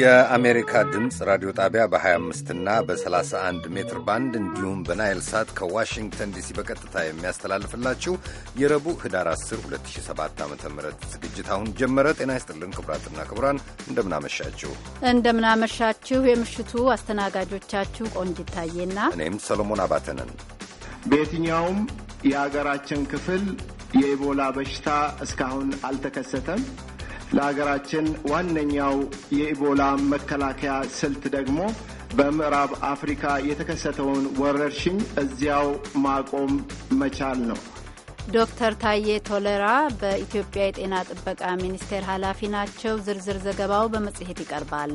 የአሜሪካ ድምፅ ራዲዮ ጣቢያ በ25 እና በ31 ሜትር ባንድ እንዲሁም በናይል ሳት ከዋሽንግተን ዲሲ በቀጥታ የሚያስተላልፍላችሁ የረቡዕ ህዳር 10 2007 ዓ ም ዝግጅት አሁን ጀመረ። ጤና ይስጥልን ክቡራትና ክቡራን፣ እንደምናመሻችሁ እንደምናመሻችሁ። የምሽቱ አስተናጋጆቻችሁ ቆንጅ ታዬና እኔም ሰሎሞን አባተነን። በየትኛውም የአገራችን ክፍል የኢቦላ በሽታ እስካሁን አልተከሰተም። ለሀገራችን ዋነኛው የኢቦላ መከላከያ ስልት ደግሞ በምዕራብ አፍሪካ የተከሰተውን ወረርሽኝ እዚያው ማቆም መቻል ነው። ዶክተር ታዬ ቶለራ በኢትዮጵያ የጤና ጥበቃ ሚኒስቴር ኃላፊ ናቸው። ዝርዝር ዘገባው በመጽሔት ይቀርባል።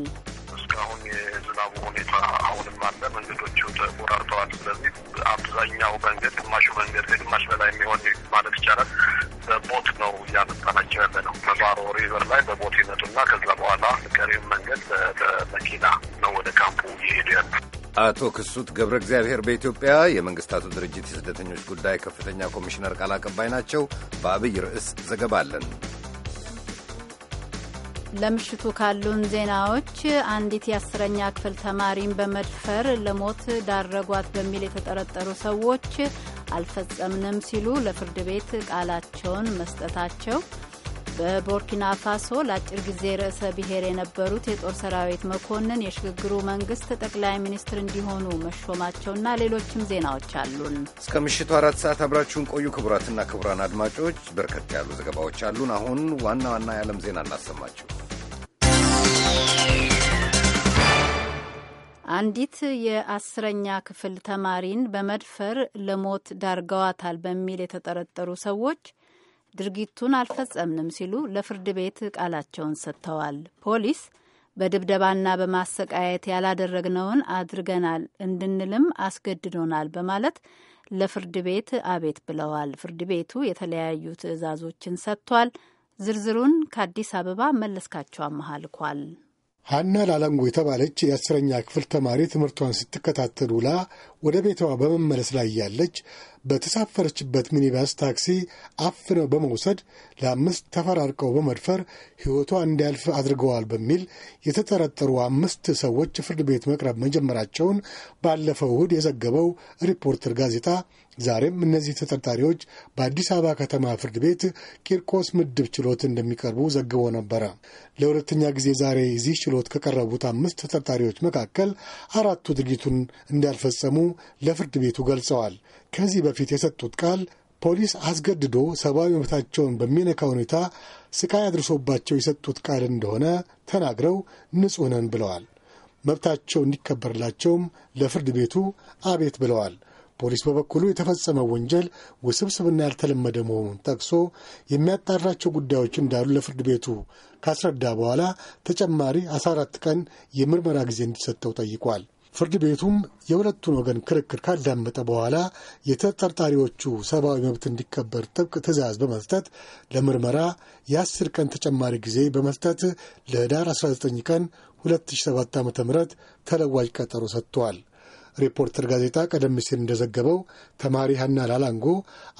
አሁን የዝናቡ ሁኔታ አሁንም አለ። መንገዶቹ ተቆራርተዋል። ስለዚህ አብዛኛው መንገድ፣ ግማሹ መንገድ ከግማሽ በላይ የሚሆን ማለት ይቻላል በቦት ነው እያመጣናቸው ያለ ነው። መባሮ ሪቨር ላይ በቦት ይመጡና ከዛ በኋላ ቀሪም መንገድ በመኪና ነው ወደ ካምፑ እየሄዱ ያሉ። አቶ ክሱት ገብረ እግዚአብሔር በኢትዮጵያ የመንግስታቱ ድርጅት የስደተኞች ጉዳይ ከፍተኛ ኮሚሽነር ቃል አቀባይ ናቸው። በአብይ ርዕስ ዘገባ አለን። ለምሽቱ ካሉን ዜናዎች አንዲት የአስረኛ ክፍል ተማሪን በመድፈር ለሞት ዳረጓት በሚል የተጠረጠሩ ሰዎች አልፈጸምንም ሲሉ ለፍርድ ቤት ቃላቸውን መስጠታቸው፣ በቦርኪና ፋሶ ለአጭር ጊዜ ርዕሰ ብሔር የነበሩት የጦር ሰራዊት መኮንን የሽግግሩ መንግስት ጠቅላይ ሚኒስትር እንዲሆኑ መሾማቸውና ሌሎችም ዜናዎች አሉን። እስከ ምሽቱ አራት ሰዓት አብራችሁን ቆዩ። ክቡራትና ክቡራን አድማጮች በርከት ያሉ ዘገባዎች አሉን። አሁን ዋና ዋና የዓለም ዜና እናሰማችሁ። አንዲት የአስረኛ ክፍል ተማሪን በመድፈር ለሞት ዳርገዋታል በሚል የተጠረጠሩ ሰዎች ድርጊቱን አልፈጸምንም ሲሉ ለፍርድ ቤት ቃላቸውን ሰጥተዋል። ፖሊስ በድብደባና በማሰቃየት ያላደረግነውን አድርገናል እንድንልም አስገድዶናል በማለት ለፍርድ ቤት አቤት ብለዋል። ፍርድ ቤቱ የተለያዩ ትዕዛዞችን ሰጥቷል። ዝርዝሩን ከአዲስ አበባ መለስካቸው አመሃልኳል። ሀና ላላንጎ የተባለች የአስረኛ ክፍል ተማሪ ትምህርቷን ስትከታተል ውላ ወደ ቤቷ በመመለስ ላይ ያለች በተሳፈረችበት ሚኒባስ ታክሲ አፍነው በመውሰድ ለአምስት ተፈራርቀው በመድፈር ሕይወቷ እንዲያልፍ አድርገዋል በሚል የተጠረጠሩ አምስት ሰዎች ፍርድ ቤት መቅረብ መጀመራቸውን ባለፈው እሁድ የዘገበው ሪፖርተር ጋዜጣ ዛሬም እነዚህ ተጠርጣሪዎች በአዲስ አበባ ከተማ ፍርድ ቤት ቂርቆስ ምድብ ችሎት እንደሚቀርቡ ዘግቦ ነበረ። ለሁለተኛ ጊዜ ዛሬ እዚህ ችሎት ከቀረቡት አምስት ተጠርጣሪዎች መካከል አራቱ ድርጊቱን እንዳልፈጸሙ ለፍርድ ቤቱ ገልጸዋል። ከዚህ በፊት የሰጡት ቃል ፖሊስ አስገድዶ ሰብአዊ መብታቸውን በሚነካ ሁኔታ ስቃይ አድርሶባቸው የሰጡት ቃል እንደሆነ ተናግረው ንጹሕ ነን ብለዋል። መብታቸው እንዲከበርላቸውም ለፍርድ ቤቱ አቤት ብለዋል። ፖሊስ በበኩሉ የተፈጸመው ወንጀል ውስብስብና ያልተለመደ መሆኑን ጠቅሶ የሚያጣራቸው ጉዳዮች እንዳሉ ለፍርድ ቤቱ ካስረዳ በኋላ ተጨማሪ 14 ቀን የምርመራ ጊዜ እንዲሰጠው ጠይቋል። ፍርድ ቤቱም የሁለቱን ወገን ክርክር ካዳመጠ በኋላ የተጠርጣሪዎቹ ሰብአዊ መብት እንዲከበር ጥብቅ ትዕዛዝ በመስጠት ለምርመራ የአስር ቀን ተጨማሪ ጊዜ በመስጠት ለኅዳር 19 ቀን 2007 ዓ ም ተለዋጅ ቀጠሮ ሰጥቷል። ሪፖርተር ጋዜጣ ቀደም ሲል እንደዘገበው ተማሪ ሀና ላላንጎ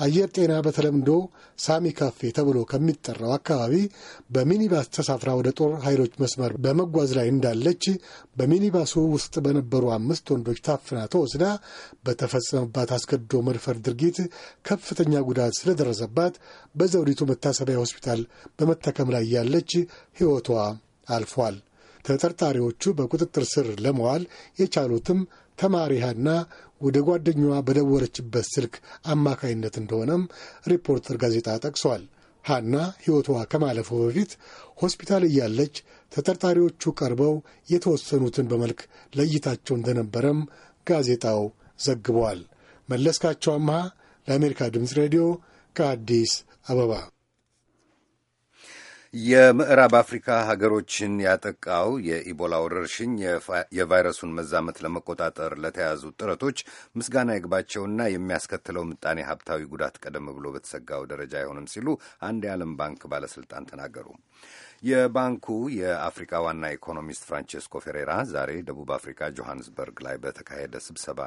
አየር ጤና በተለምዶ ሳሚ ካፌ ተብሎ ከሚጠራው አካባቢ በሚኒባስ ተሳፍራ ወደ ጦር ኃይሎች መስመር በመጓዝ ላይ እንዳለች በሚኒባሱ ውስጥ በነበሩ አምስት ወንዶች ታፍና ተወስዳ በተፈጸመባት አስገድዶ መድፈር ድርጊት ከፍተኛ ጉዳት ስለደረሰባት በዘውዲቱ መታሰቢያ ሆስፒታል በመታከም ላይ ያለች ሕይወቷ አልፏል። ተጠርጣሪዎቹ በቁጥጥር ስር ለመዋል የቻሉትም ተማሪ ወደ ጓደኛዋ በደወለችበት ስልክ አማካይነት እንደሆነም ሪፖርተር ጋዜጣ ጠቅሷል። ሃና ሕይወቷ ከማለፉ በፊት ሆስፒታል እያለች ተጠርጣሪዎቹ ቀርበው የተወሰኑትን በመልክ ለይታቸው እንደነበረም ጋዜጣው ዘግቧል። መለስካቸው አምሃ ለአሜሪካ ድምፅ ሬዲዮ ከአዲስ አበባ የምዕራብ አፍሪካ ሀገሮችን ያጠቃው የኢቦላ ወረርሽኝ የቫይረሱን መዛመት ለመቆጣጠር ለተያዙ ጥረቶች ምስጋና ይግባቸውና የሚያስከትለው ምጣኔ ሀብታዊ ጉዳት ቀደም ብሎ በተሰጋው ደረጃ አይሆንም ሲሉ አንድ የዓለም ባንክ ባለስልጣን ተናገሩ። የባንኩ የአፍሪካ ዋና ኢኮኖሚስት ፍራንቸስኮ ፌሬራ ዛሬ ደቡብ አፍሪካ ጆሃንስበርግ ላይ በተካሄደ ስብሰባ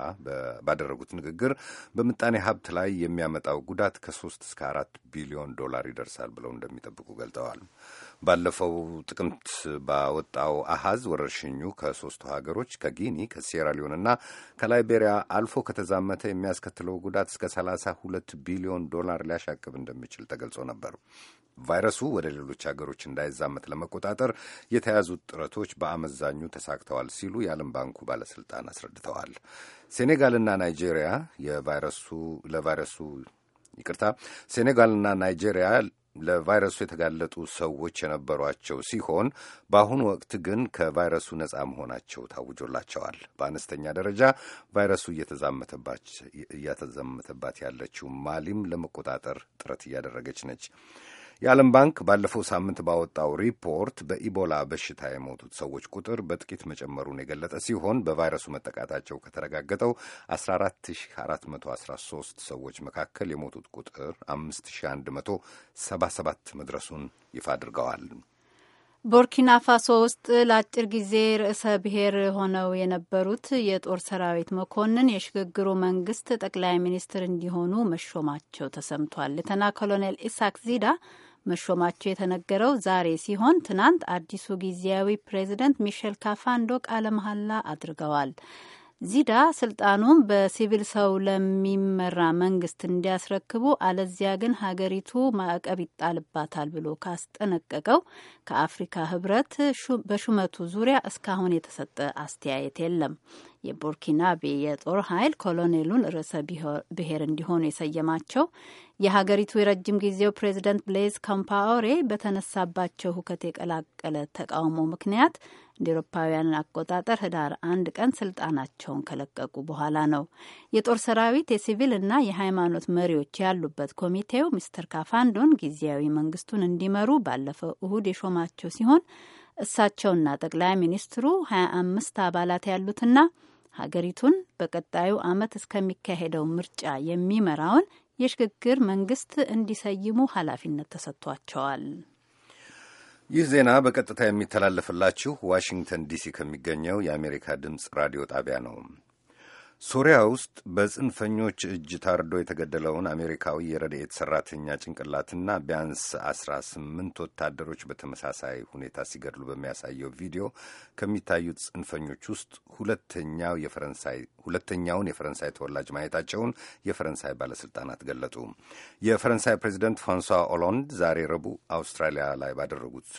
ባደረጉት ንግግር በምጣኔ ሀብት ላይ የሚያመጣው ጉዳት ከሶስት እስከ አራት ቢሊዮን ዶላር ይደርሳል ብለው እንደሚጠብቁ ገልጠዋል። ባለፈው ጥቅምት ባወጣው አሃዝ ወረርሽኙ ከሶስቱ ሀገሮች ከጊኒ፣ ከሴራሊዮንና ከላይቤሪያ አልፎ ከተዛመተ የሚያስከትለው ጉዳት እስከ 32 ቢሊዮን ዶላር ሊያሻቅብ እንደሚችል ተገልጾ ነበር። ቫይረሱ ወደ ሌሎች ሀገሮች እንዳይዛመት ለመቆጣጠር የተያዙት ጥረቶች በአመዛኙ ተሳክተዋል ሲሉ የዓለም ባንኩ ባለስልጣን አስረድተዋል። ሴኔጋልና ናይጄሪያ የቫይረሱ ለቫይረሱ ይቅርታ ሴኔጋልና ናይጄሪያ ለቫይረሱ የተጋለጡ ሰዎች የነበሯቸው ሲሆን በአሁኑ ወቅት ግን ከቫይረሱ ነፃ መሆናቸው ታውጆላቸዋል። በአነስተኛ ደረጃ ቫይረሱ እየተዛመተባት ያለችው ማሊም ለመቆጣጠር ጥረት እያደረገች ነች። የዓለም ባንክ ባለፈው ሳምንት ባወጣው ሪፖርት በኢቦላ በሽታ የሞቱት ሰዎች ቁጥር በጥቂት መጨመሩን የገለጠ ሲሆን በቫይረሱ መጠቃታቸው ከተረጋገጠው 14413 ሰዎች መካከል የሞቱት ቁጥር 5177 መድረሱን ይፋ አድርገዋል። ቦርኪና ፋሶ ውስጥ ለአጭር ጊዜ ርዕሰ ብሔር ሆነው የነበሩት የጦር ሰራዊት መኮንን የሽግግሩ መንግስት ጠቅላይ ሚኒስትር እንዲሆኑ መሾማቸው ተሰምቷል። ሌተና ኮሎኔል ኢሳክ ዚዳ መሾማቸው የተነገረው ዛሬ ሲሆን ትናንት አዲሱ ጊዜያዊ ፕሬዚደንት ሚሼል ካፋንዶ ቃለ መሐላ አድርገዋል። ዚዳ ስልጣኑን በሲቪል ሰው ለሚመራ መንግስት እንዲያስረክቡ አለዚያ ግን ሀገሪቱ ማዕቀብ ይጣልባታል ብሎ ካስጠነቀቀው ከአፍሪካ ህብረት በሹመቱ ዙሪያ እስካሁን የተሰጠ አስተያየት የለም። የቡርኪናቤ የጦር ኃይል ኮሎኔሉን ርዕሰ ብሔር እንዲሆኑ የሰየማቸው የሀገሪቱ የረጅም ጊዜው ፕሬዚደንት ብሌዝ ካምፓወሬ በተነሳባቸው ሁከት የቀላቀለ ተቃውሞ ምክንያት እንደ ኤሮፓውያን አቆጣጠር ህዳር አንድ ቀን ስልጣናቸውን ከለቀቁ በኋላ ነው። የጦር ሰራዊት የሲቪል እና የሃይማኖት መሪዎች ያሉበት ኮሚቴው ሚስተር ካፋንዶን ጊዜያዊ መንግስቱን እንዲመሩ ባለፈው እሁድ የሾማቸው ሲሆን እሳቸውና ጠቅላይ ሚኒስትሩ ሀያ አምስት አባላት ያሉትና ሀገሪቱን በቀጣዩ ዓመት እስከሚካሄደው ምርጫ የሚመራውን የሽግግር መንግስት እንዲሰይሙ ኃላፊነት ተሰጥቷቸዋል። ይህ ዜና በቀጥታ የሚተላለፍላችሁ ዋሽንግተን ዲሲ ከሚገኘው የአሜሪካ ድምፅ ራዲዮ ጣቢያ ነው። ሶሪያ ውስጥ በጽንፈኞች እጅ ታርዶ የተገደለውን አሜሪካዊ የረድኤት ሰራተኛ ጭንቅላትና ቢያንስ አስራ ስምንት ወታደሮች በተመሳሳይ ሁኔታ ሲገድሉ በሚያሳየው ቪዲዮ ከሚታዩት ጽንፈኞች ውስጥ ሁለተኛው የፈረንሳይ ሁለተኛውን የፈረንሳይ ተወላጅ ማየታቸውን የፈረንሳይ ባለስልጣናት ገለጡ። የፈረንሳይ ፕሬዚደንት ፍራንሷ ኦሎንድ ዛሬ ረቡዕ አውስትራሊያ ላይ ባደረጉት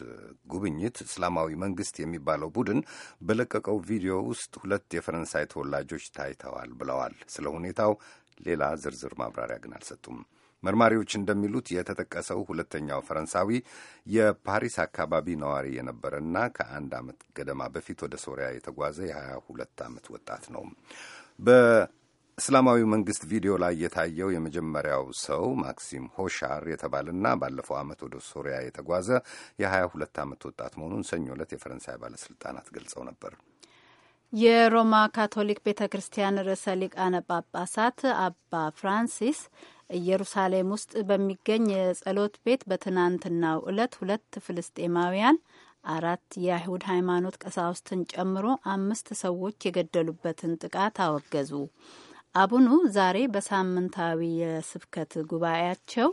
ጉብኝት እስላማዊ መንግስት የሚባለው ቡድን በለቀቀው ቪዲዮ ውስጥ ሁለት የፈረንሳይ ተወላጆች ታይታ ተገኝተዋል ብለዋል። ስለ ሁኔታው ሌላ ዝርዝር ማብራሪያ ግን አልሰጡም። መርማሪዎች እንደሚሉት የተጠቀሰው ሁለተኛው ፈረንሳዊ የፓሪስ አካባቢ ነዋሪ የነበረና ከአንድ ዓመት ገደማ በፊት ወደ ሶሪያ የተጓዘ የ22 ዓመት ወጣት ነው። በእስላማዊ መንግስት ቪዲዮ ላይ የታየው የመጀመሪያው ሰው ማክሲም ሆሻር የተባለና ባለፈው ዓመት ወደ ሶሪያ የተጓዘ የ22 ዓመት ወጣት መሆኑን ሰኞ ዕለት የፈረንሳይ ባለሥልጣናት ገልጸው ነበር። የሮማ ካቶሊክ ቤተ ክርስቲያን ርዕሰ ሊቃነ ጳጳሳት አባ ፍራንሲስ ኢየሩሳሌም ውስጥ በሚገኝ የጸሎት ቤት በትናንትናው ዕለት ሁለት ፍልስጤማውያን አራት የአይሁድ ሃይማኖት ቀሳውስትን ጨምሮ አምስት ሰዎች የገደሉበትን ጥቃት አወገዙ። አቡኑ ዛሬ በሳምንታዊ የስብከት ጉባኤያቸው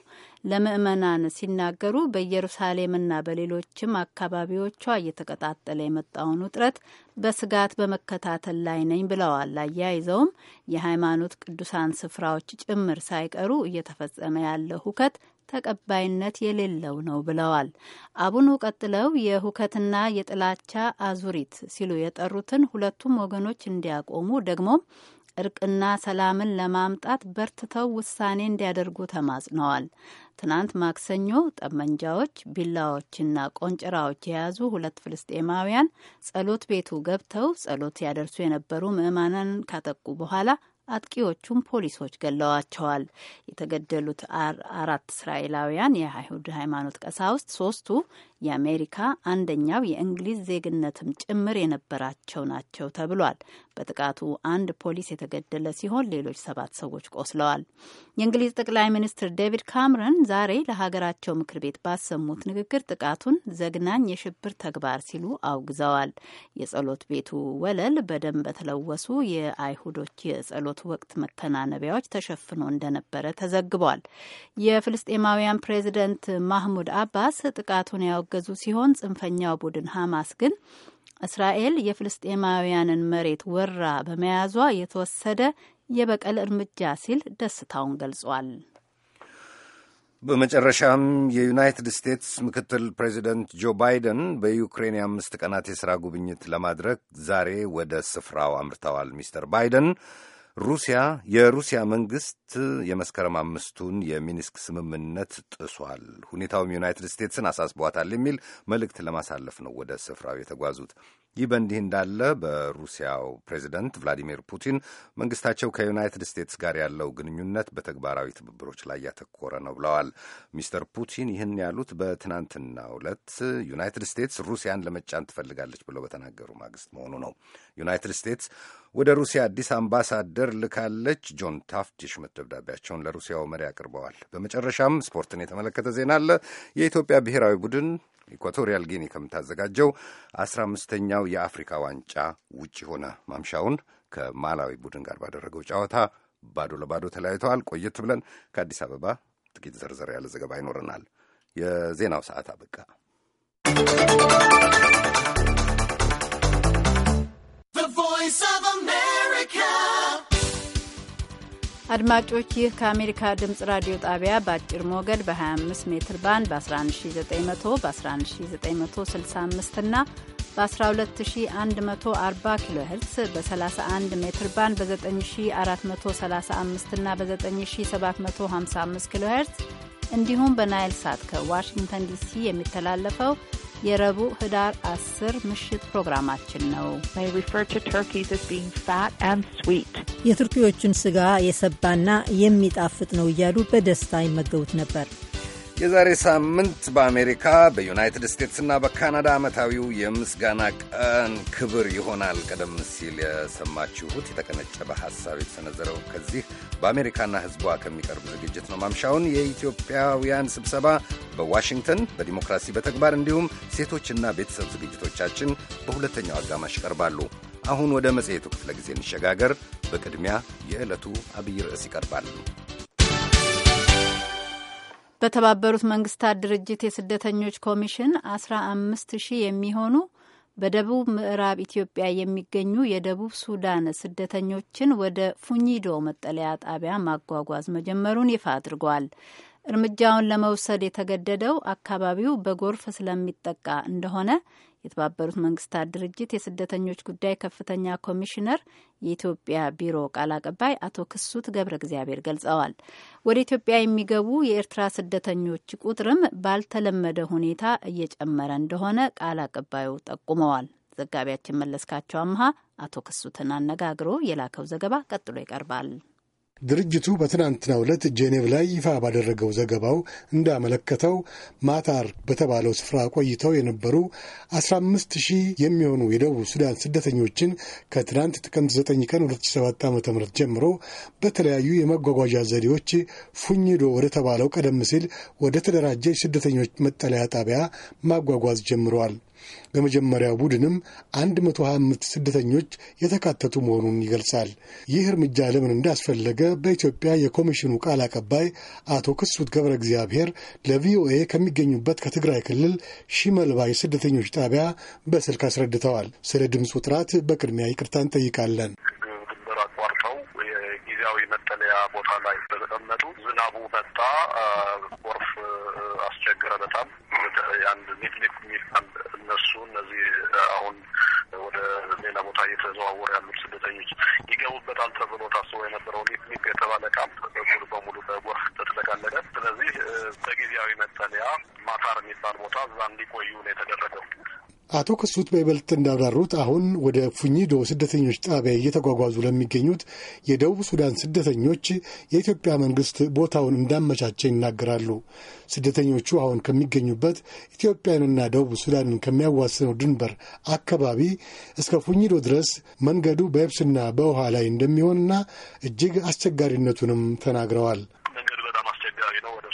ለምእመናን ሲናገሩ በኢየሩሳሌምና በሌሎችም አካባቢዎቿ እየተቀጣጠለ የመጣውን ውጥረት በስጋት በመከታተል ላይ ነኝ ብለዋል። አያይዘውም የሃይማኖት ቅዱሳን ስፍራዎች ጭምር ሳይቀሩ እየተፈጸመ ያለው ሁከት ተቀባይነት የሌለው ነው ብለዋል። አቡኑ ቀጥለው የሁከትና የጥላቻ አዙሪት ሲሉ የጠሩትን ሁለቱም ወገኖች እንዲያቆሙ ደግሞም እርቅና ሰላምን ለማምጣት በርትተው ውሳኔ እንዲያደርጉ ተማጽነዋል። ትናንት ማክሰኞ ጠመንጃዎች፣ ቢላዎችና ቆንጭራዎች የያዙ ሁለት ፍልስጤማውያን ጸሎት ቤቱ ገብተው ጸሎት ያደርሱ የነበሩ ምዕማናን ካጠቁ በኋላ አጥቂዎቹም ፖሊሶች ገለዋቸዋል። የተገደሉት አራት እስራኤላውያን የአይሁድ ሃይማኖት ቀሳውስት ሶስቱ የአሜሪካ አንደኛው የእንግሊዝ ዜግነትም ጭምር የነበራቸው ናቸው ተብሏል። በጥቃቱ አንድ ፖሊስ የተገደለ ሲሆን ሌሎች ሰባት ሰዎች ቆስለዋል። የእንግሊዝ ጠቅላይ ሚኒስትር ዴቪድ ካምረን ዛሬ ለሀገራቸው ምክር ቤት ባሰሙት ንግግር ጥቃቱን ዘግናኝ የሽብር ተግባር ሲሉ አውግዘዋል። የጸሎት ቤቱ ወለል በደም በተለወሱ የአይሁዶች የጸሎት ወቅት መከናነቢያዎች ተሸፍኖ እንደነበረ ተዘግቧል። የፍልስጤማውያን ፕሬዚደንት ማህሙድ አባስ ጥቃቱን ያወገዙ ሲሆን ጽንፈኛው ቡድን ሀማስ ግን እስራኤል የፍልስጤማውያንን መሬት ወራ በመያዟ የተወሰደ የበቀል እርምጃ ሲል ደስታውን ገልጿል። በመጨረሻም የዩናይትድ ስቴትስ ምክትል ፕሬዚደንት ጆ ባይደን በዩክሬን የአምስት ቀናት የሥራ ጉብኝት ለማድረግ ዛሬ ወደ ስፍራው አምርተዋል። ሚስተር ባይደን ሩሲያ የሩሲያ መንግስት የመስከረም አምስቱን የሚኒስክ ስምምነት ጥሷል፣ ሁኔታውም ዩናይትድ ስቴትስን አሳስቧታል የሚል መልእክት ለማሳለፍ ነው ወደ ስፍራው የተጓዙት። ይህ በእንዲህ እንዳለ በሩሲያው ፕሬዚደንት ቭላዲሚር ፑቲን መንግስታቸው ከዩናይትድ ስቴትስ ጋር ያለው ግንኙነት በተግባራዊ ትብብሮች ላይ ያተኮረ ነው ብለዋል። ሚስተር ፑቲን ይህን ያሉት በትናንትና ዕለት ዩናይትድ ስቴትስ ሩሲያን ለመጫን ትፈልጋለች ብለው በተናገሩ ማግስት መሆኑ ነው። ዩናይትድ ስቴትስ ወደ ሩሲያ አዲስ አምባሳደር ልካለች። ጆን ታፍት የሹመት ደብዳቤያቸውን ለሩሲያው መሪ አቅርበዋል። በመጨረሻም ስፖርትን የተመለከተ ዜና አለ። የኢትዮጵያ ብሔራዊ ቡድን ኢኳቶሪያል ጊኒ ከምታዘጋጀው አስራ አምስተኛው የአፍሪካ ዋንጫ ውጭ ሆነ ማምሻውን ከማላዊ ቡድን ጋር ባደረገው ጨዋታ ባዶ ለባዶ ተለያይተዋል። ቆየት ብለን ከአዲስ አበባ ጥቂት ዘርዘር ያለ ዘገባ ይኖረናል። የዜናው ሰዓት አበቃ። አድማጮች ይህ ከአሜሪካ ድምጽ ራዲዮ ጣቢያ በአጭር ሞገድ በ25 ሜትር ባንድ በ11900 በ11965 እና በ12140 ኪሎ ሄርትስ በ31 ሜትር ባንድ በ9435 እና በ9755 ኪሎ ሄርትስ እንዲሁም በናይል ሳት ከዋሽንግተን ዲሲ የሚተላለፈው የረቡዕ ህዳር 10 ምሽት ፕሮግራማችን ነው። የቱርኪዎችን ስጋ የሰባና የሚጣፍጥ ነው እያሉ በደስታ ይመገቡት ነበር። የዛሬ ሳምንት በአሜሪካ በዩናይትድ ስቴትስና በካናዳ ዓመታዊው የምስጋና ቀን ክብር ይሆናል። ቀደም ሲል የሰማችሁት የተቀነጨበ ሐሳብ የተሰነዘረው ከዚህ በአሜሪካና ሕዝቧ ከሚቀርብ ዝግጅት ነው። ማምሻውን የኢትዮጵያውያን ስብሰባ በዋሽንግተን በዲሞክራሲ በተግባር እንዲሁም ሴቶችና ቤተሰብ ዝግጅቶቻችን በሁለተኛው አጋማሽ ይቀርባሉ። አሁን ወደ መጽሔቱ ክፍለ ጊዜ እንሸጋገር። በቅድሚያ የዕለቱ አብይ ርዕስ ይቀርባል። በተባበሩት መንግስታት ድርጅት የስደተኞች ኮሚሽን አስራ አምስት ሺህ የሚሆኑ በደቡብ ምዕራብ ኢትዮጵያ የሚገኙ የደቡብ ሱዳን ስደተኞችን ወደ ፉኝዶ መጠለያ ጣቢያ ማጓጓዝ መጀመሩን ይፋ አድርጓል። እርምጃውን ለመውሰድ የተገደደው አካባቢው በጎርፍ ስለሚጠቃ እንደሆነ የተባበሩት መንግስታት ድርጅት የስደተኞች ጉዳይ ከፍተኛ ኮሚሽነር የኢትዮጵያ ቢሮ ቃል አቀባይ አቶ ክሱት ገብረ እግዚአብሔር ገልጸዋል። ወደ ኢትዮጵያ የሚገቡ የኤርትራ ስደተኞች ቁጥርም ባልተለመደ ሁኔታ እየጨመረ እንደሆነ ቃል አቀባዩ ጠቁመዋል። ዘጋቢያችን መለስካቸው አምሃ አቶ ክሱትን አነጋግሮ የላከው ዘገባ ቀጥሎ ይቀርባል። ድርጅቱ በትናንትናው ዕለት ጄኔቭ ላይ ይፋ ባደረገው ዘገባው እንዳመለከተው ማታር በተባለው ስፍራ ቆይተው የነበሩ 15 ሺህ የሚሆኑ የደቡብ ሱዳን ስደተኞችን ከትናንት ጥቅምት 9 ቀን 2007 ዓ ም ጀምሮ በተለያዩ የመጓጓዣ ዘዴዎች ፉኝዶ ወደ ተባለው ቀደም ሲል ወደ ተደራጀ ስደተኞች መጠለያ ጣቢያ ማጓጓዝ ጀምረዋል። በመጀመሪያ ቡድንም 125 ስደተኞች የተካተቱ መሆኑን ይገልጻል። ይህ እርምጃ ለምን እንዳስፈለገ በኢትዮጵያ የኮሚሽኑ ቃል አቀባይ አቶ ክሱት ገብረ እግዚአብሔር ለቪኦኤ ከሚገኙበት ከትግራይ ክልል ሺመልባይ ስደተኞች ጣቢያ በስልክ አስረድተዋል። ስለ ድምፁ ጥራት በቅድሚያ ይቅርታ እንጠይቃለን። መጠለያ ቦታ ላይ በተቀመጡ ዝናቡ መጣ፣ ጎርፍ አስቸገረ። በጣም አንድ ሚትሊክ የሚባል እነሱ እነዚህ አሁን ወደ ሌላ ቦታ እየተዘዋወሩ ያሉት ስደተኞች ይገቡበታል ተብሎ ታስቦ የነበረው ሚትሊክ የተባለ ካምፕ ሙሉ በሙሉ በጎርፍ ተጥለቀለቀ። ስለዚህ በጊዜያዊ መጠለያ ማታር የሚባል ቦታ እዛ እንዲቆዩ ነው የተደረገው። አቶ ክሱት በይበልጥ እንዳብራሩት አሁን ወደ ፉኝዶ ስደተኞች ጣቢያ እየተጓጓዙ ለሚገኙት የደቡብ ሱዳን ስደተኞች የኢትዮጵያ መንግስት ቦታውን እንዳመቻቸ ይናገራሉ። ስደተኞቹ አሁን ከሚገኙበት ኢትዮጵያንና ደቡብ ሱዳንን ከሚያዋስነው ድንበር አካባቢ እስከ ፉኝዶ ድረስ መንገዱ በየብስና በውሃ ላይ እንደሚሆንና እጅግ አስቸጋሪነቱንም ተናግረዋል። መንገዱ በጣም አስቸጋሪ ነው። ወደ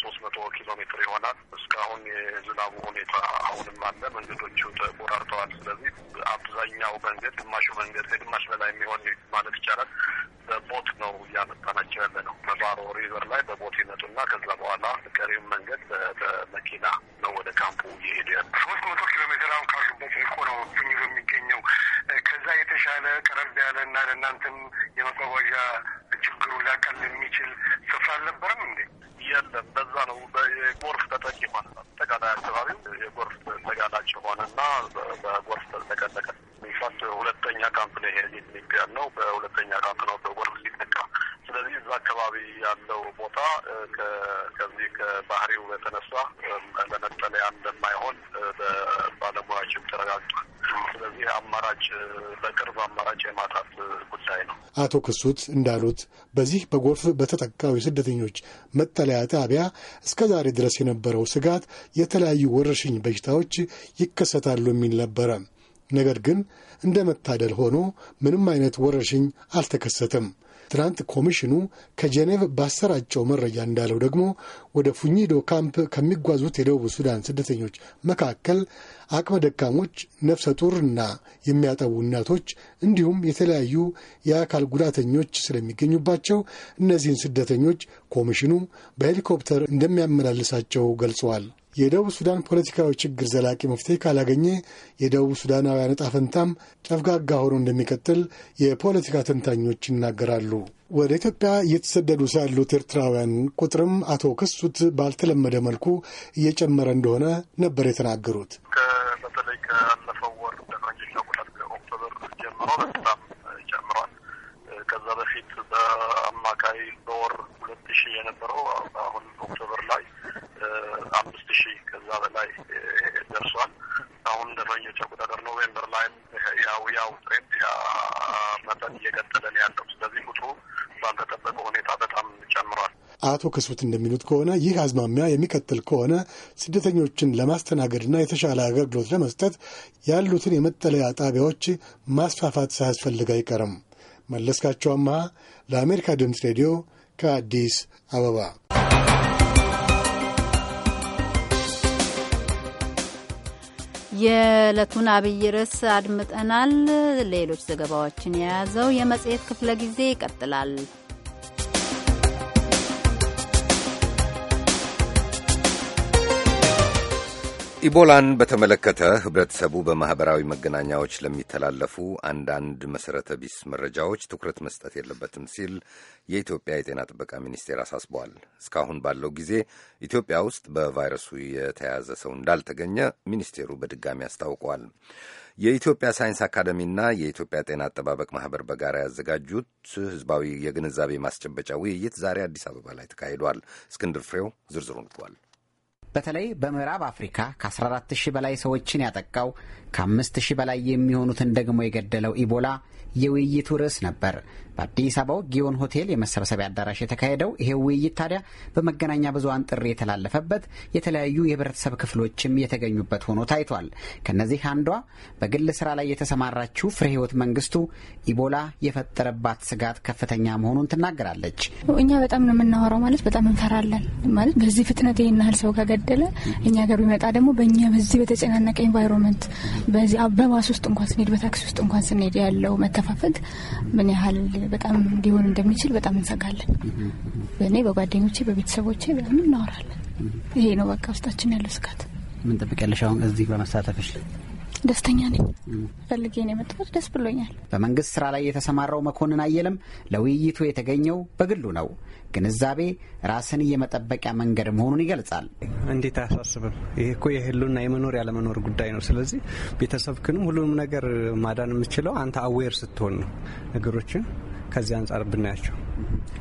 አሁን የዝናቡ ሁኔታ አሁንም አለ። መንገዶቹ ተቆራርተዋል። ስለዚህ አብዛኛው መንገድ፣ ግማሹ መንገድ ከግማሽ በላይ የሚሆን ማለት ይቻላል በቦት ነው እያመጣናቸው ያለ ነው። በባሮ ሪቨር ላይ በቦት ይመጡና ከዛ በኋላ ቀሪውን መንገድ በመኪና ነው ወደ ካምፑ እየሄዱ ያለ። ሶስት መቶ ኪሎ ሜትር አሁን ካሉበት እኮ ነው የሚገኘው። ከዛ የተሻለ ቀረብ ያለ እና ለእናንተም የመጓጓዣ ችግሩ ሊያቀል የሚችል ስፍራ አልነበረም እንዴ? የለም። በዛ ነው የጎርፍ ተጠቂ ሆነ። አጠቃላይ አካባቢው የጎርፍ ተጋላጭ ሆነና በጎርፍ ተጠቀጠቀ። ኢንፋክት ሁለተኛ ካምፕ ነው ይሄ ኢትዮጵያን ነው። በሁለተኛ ካምፕ ነው በጎርፍ ሲጠቃ። ስለዚህ እዛ አካባቢ ያለው ቦታ ከዚህ ከባህሪው በተነሳ ለመጠለያ እንደማይሆን በባለሙያችም ተረጋግጧል። ስለዚህ አማራጭ በቅርብ አማራጭ የማጣት ጉዳይ ነው። አቶ ክሱት እንዳሉት በዚህ በጎርፍ በተጠቃው የስደተኞች መጠለያ ጣቢያ እስከ ዛሬ ድረስ የነበረው ስጋት የተለያዩ ወረርሽኝ በሽታዎች ይከሰታሉ የሚል ነበረ። ነገር ግን እንደ መታደል ሆኖ ምንም አይነት ወረርሽኝ አልተከሰተም። ትናንት ኮሚሽኑ ከጄኔቭ ባሰራጨው መረጃ እንዳለው ደግሞ ወደ ፉኝዶ ካምፕ ከሚጓዙት የደቡብ ሱዳን ስደተኞች መካከል አቅመ ደካሞች፣ ነፍሰ ጡርና የሚያጠቡ እናቶች እንዲሁም የተለያዩ የአካል ጉዳተኞች ስለሚገኙባቸው እነዚህን ስደተኞች ኮሚሽኑ በሄሊኮፕተር እንደሚያመላልሳቸው ገልጸዋል። የደቡብ ሱዳን ፖለቲካዊ ችግር ዘላቂ መፍትሄ ካላገኘ የደቡብ ሱዳናውያን ዕጣ ፈንታም ጨፍጋጋ ሆኖ እንደሚቀጥል የፖለቲካ ተንታኞች ይናገራሉ። ወደ ኢትዮጵያ እየተሰደዱ ሳሉት ኤርትራውያን ቁጥርም አቶ ክሱት ባልተለመደ መልኩ እየጨመረ እንደሆነ ነበር የተናገሩት። በተለይ ካለፈው ወር ጀምሮ በጣም ጨምሯል። ከዛ በፊት በአማካይ በወር ሁለት ሺህ የነበረው አሁን ኦክቶበር ላይ ሺህ ከዛ በላይ ደርሷል። አሁን እንደ ፈረንጆች አቆጣጠር ኖቬምበር ላይም ያው ያው ትሬንድ ያ መጠን እየቀጠለን ያለው ስለዚህ ቁጥሩ ባልተጠበቀ ሁኔታ በጣም ጨምሯል። አቶ ክሱት እንደሚሉት ከሆነ ይህ አዝማሚያ የሚቀጥል ከሆነ ስደተኞችን ለማስተናገድና የተሻለ አገልግሎት ለመስጠት ያሉትን የመጠለያ ጣቢያዎች ማስፋፋት ሳያስፈልግ አይቀርም። መለስካቸው አምሃ ለአሜሪካ ድምፅ ሬዲዮ ከአዲስ አበባ የዕለቱን አብይ ርዕስ አድምጠናል። ሌሎች ዘገባዎችን የያዘው የመጽሔት ክፍለ ጊዜ ይቀጥላል። ኢቦላን በተመለከተ ህብረተሰቡ በማኅበራዊ መገናኛዎች ለሚተላለፉ አንዳንድ መሠረተ ቢስ መረጃዎች ትኩረት መስጠት የለበትም ሲል የኢትዮጵያ የጤና ጥበቃ ሚኒስቴር አሳስበዋል። እስካሁን ባለው ጊዜ ኢትዮጵያ ውስጥ በቫይረሱ የተያዘ ሰው እንዳልተገኘ ሚኒስቴሩ በድጋሚ አስታውቋል። የኢትዮጵያ ሳይንስ አካደሚና የኢትዮጵያ ጤና አጠባበቅ ማኅበር በጋራ ያዘጋጁት ህዝባዊ የግንዛቤ ማስጨበጫ ውይይት ዛሬ አዲስ አበባ ላይ ተካሂዷል። እስክንድር ፍሬው ዝርዝሩን ልኳል። በተለይ በምዕራብ አፍሪካ ከ14 በላይ ሰዎችን ያጠቃው ከአምስት ሺህ በላይ የሚሆኑትን ደግሞ የገደለው ኢቦላ የውይይቱ ርዕስ ነበር። በአዲስ አበባው ጊዮን ሆቴል የመሰብሰቢያ አዳራሽ የተካሄደው ይሄ ውይይት ታዲያ በመገናኛ ብዙኃን ጥሪ የተላለፈበት፣ የተለያዩ የህብረተሰብ ክፍሎችም የተገኙበት ሆኖ ታይቷል። ከእነዚህ አንዷ በግል ስራ ላይ የተሰማራችው ፍሬ ህይወት መንግስቱ ኢቦላ የፈጠረባት ስጋት ከፍተኛ መሆኑን ትናገራለች። እኛ በጣም ነው የምናወራው፣ ማለት በጣም እንፈራለን ማለት በዚህ ፍጥነት ይህን ያህል ሰው ከገደለ እኛ ሀገር ቢመጣ ደግሞ በእኛ በዚህ በተጨናነቀ ኤንቫይሮንመንት በዚህ በባስ ውስጥ እንኳን ስንሄድ በታክሲ ውስጥ እንኳን ስንሄድ ያለው መተፋፈግ ምን ያህል በጣም ሊሆን እንደሚችል በጣም እንሰጋለን። በእኔ በጓደኞቼ በቤተሰቦቼ በምን እናወራለን። ይሄ ነው በቃ ውስጣችን ያለው ስጋት። ምን ጠብቅ ያለሽ አሁን እዚህ በመሳተፍሽ? ደስተኛ ነኝ። ፈልጌ ነው የመጣሁት። ደስ ብሎኛል። በመንግስት ስራ ላይ የተሰማራው መኮንን አየለም ለውይይቱ የተገኘው በግሉ ነው። ግንዛቤ ራስን የመጠበቂያ መንገድ መሆኑን ይገልጻል። እንዴት አያሳስብም? ይሄ እኮ የህሉና የመኖር ያለመኖር ጉዳይ ነው። ስለዚህ ቤተሰብክንም ሁሉንም ነገር ማዳን የምችለው አንተ አዌር ስትሆን ነው ነገሮችን ከዚህ አንጻር ብናያቸው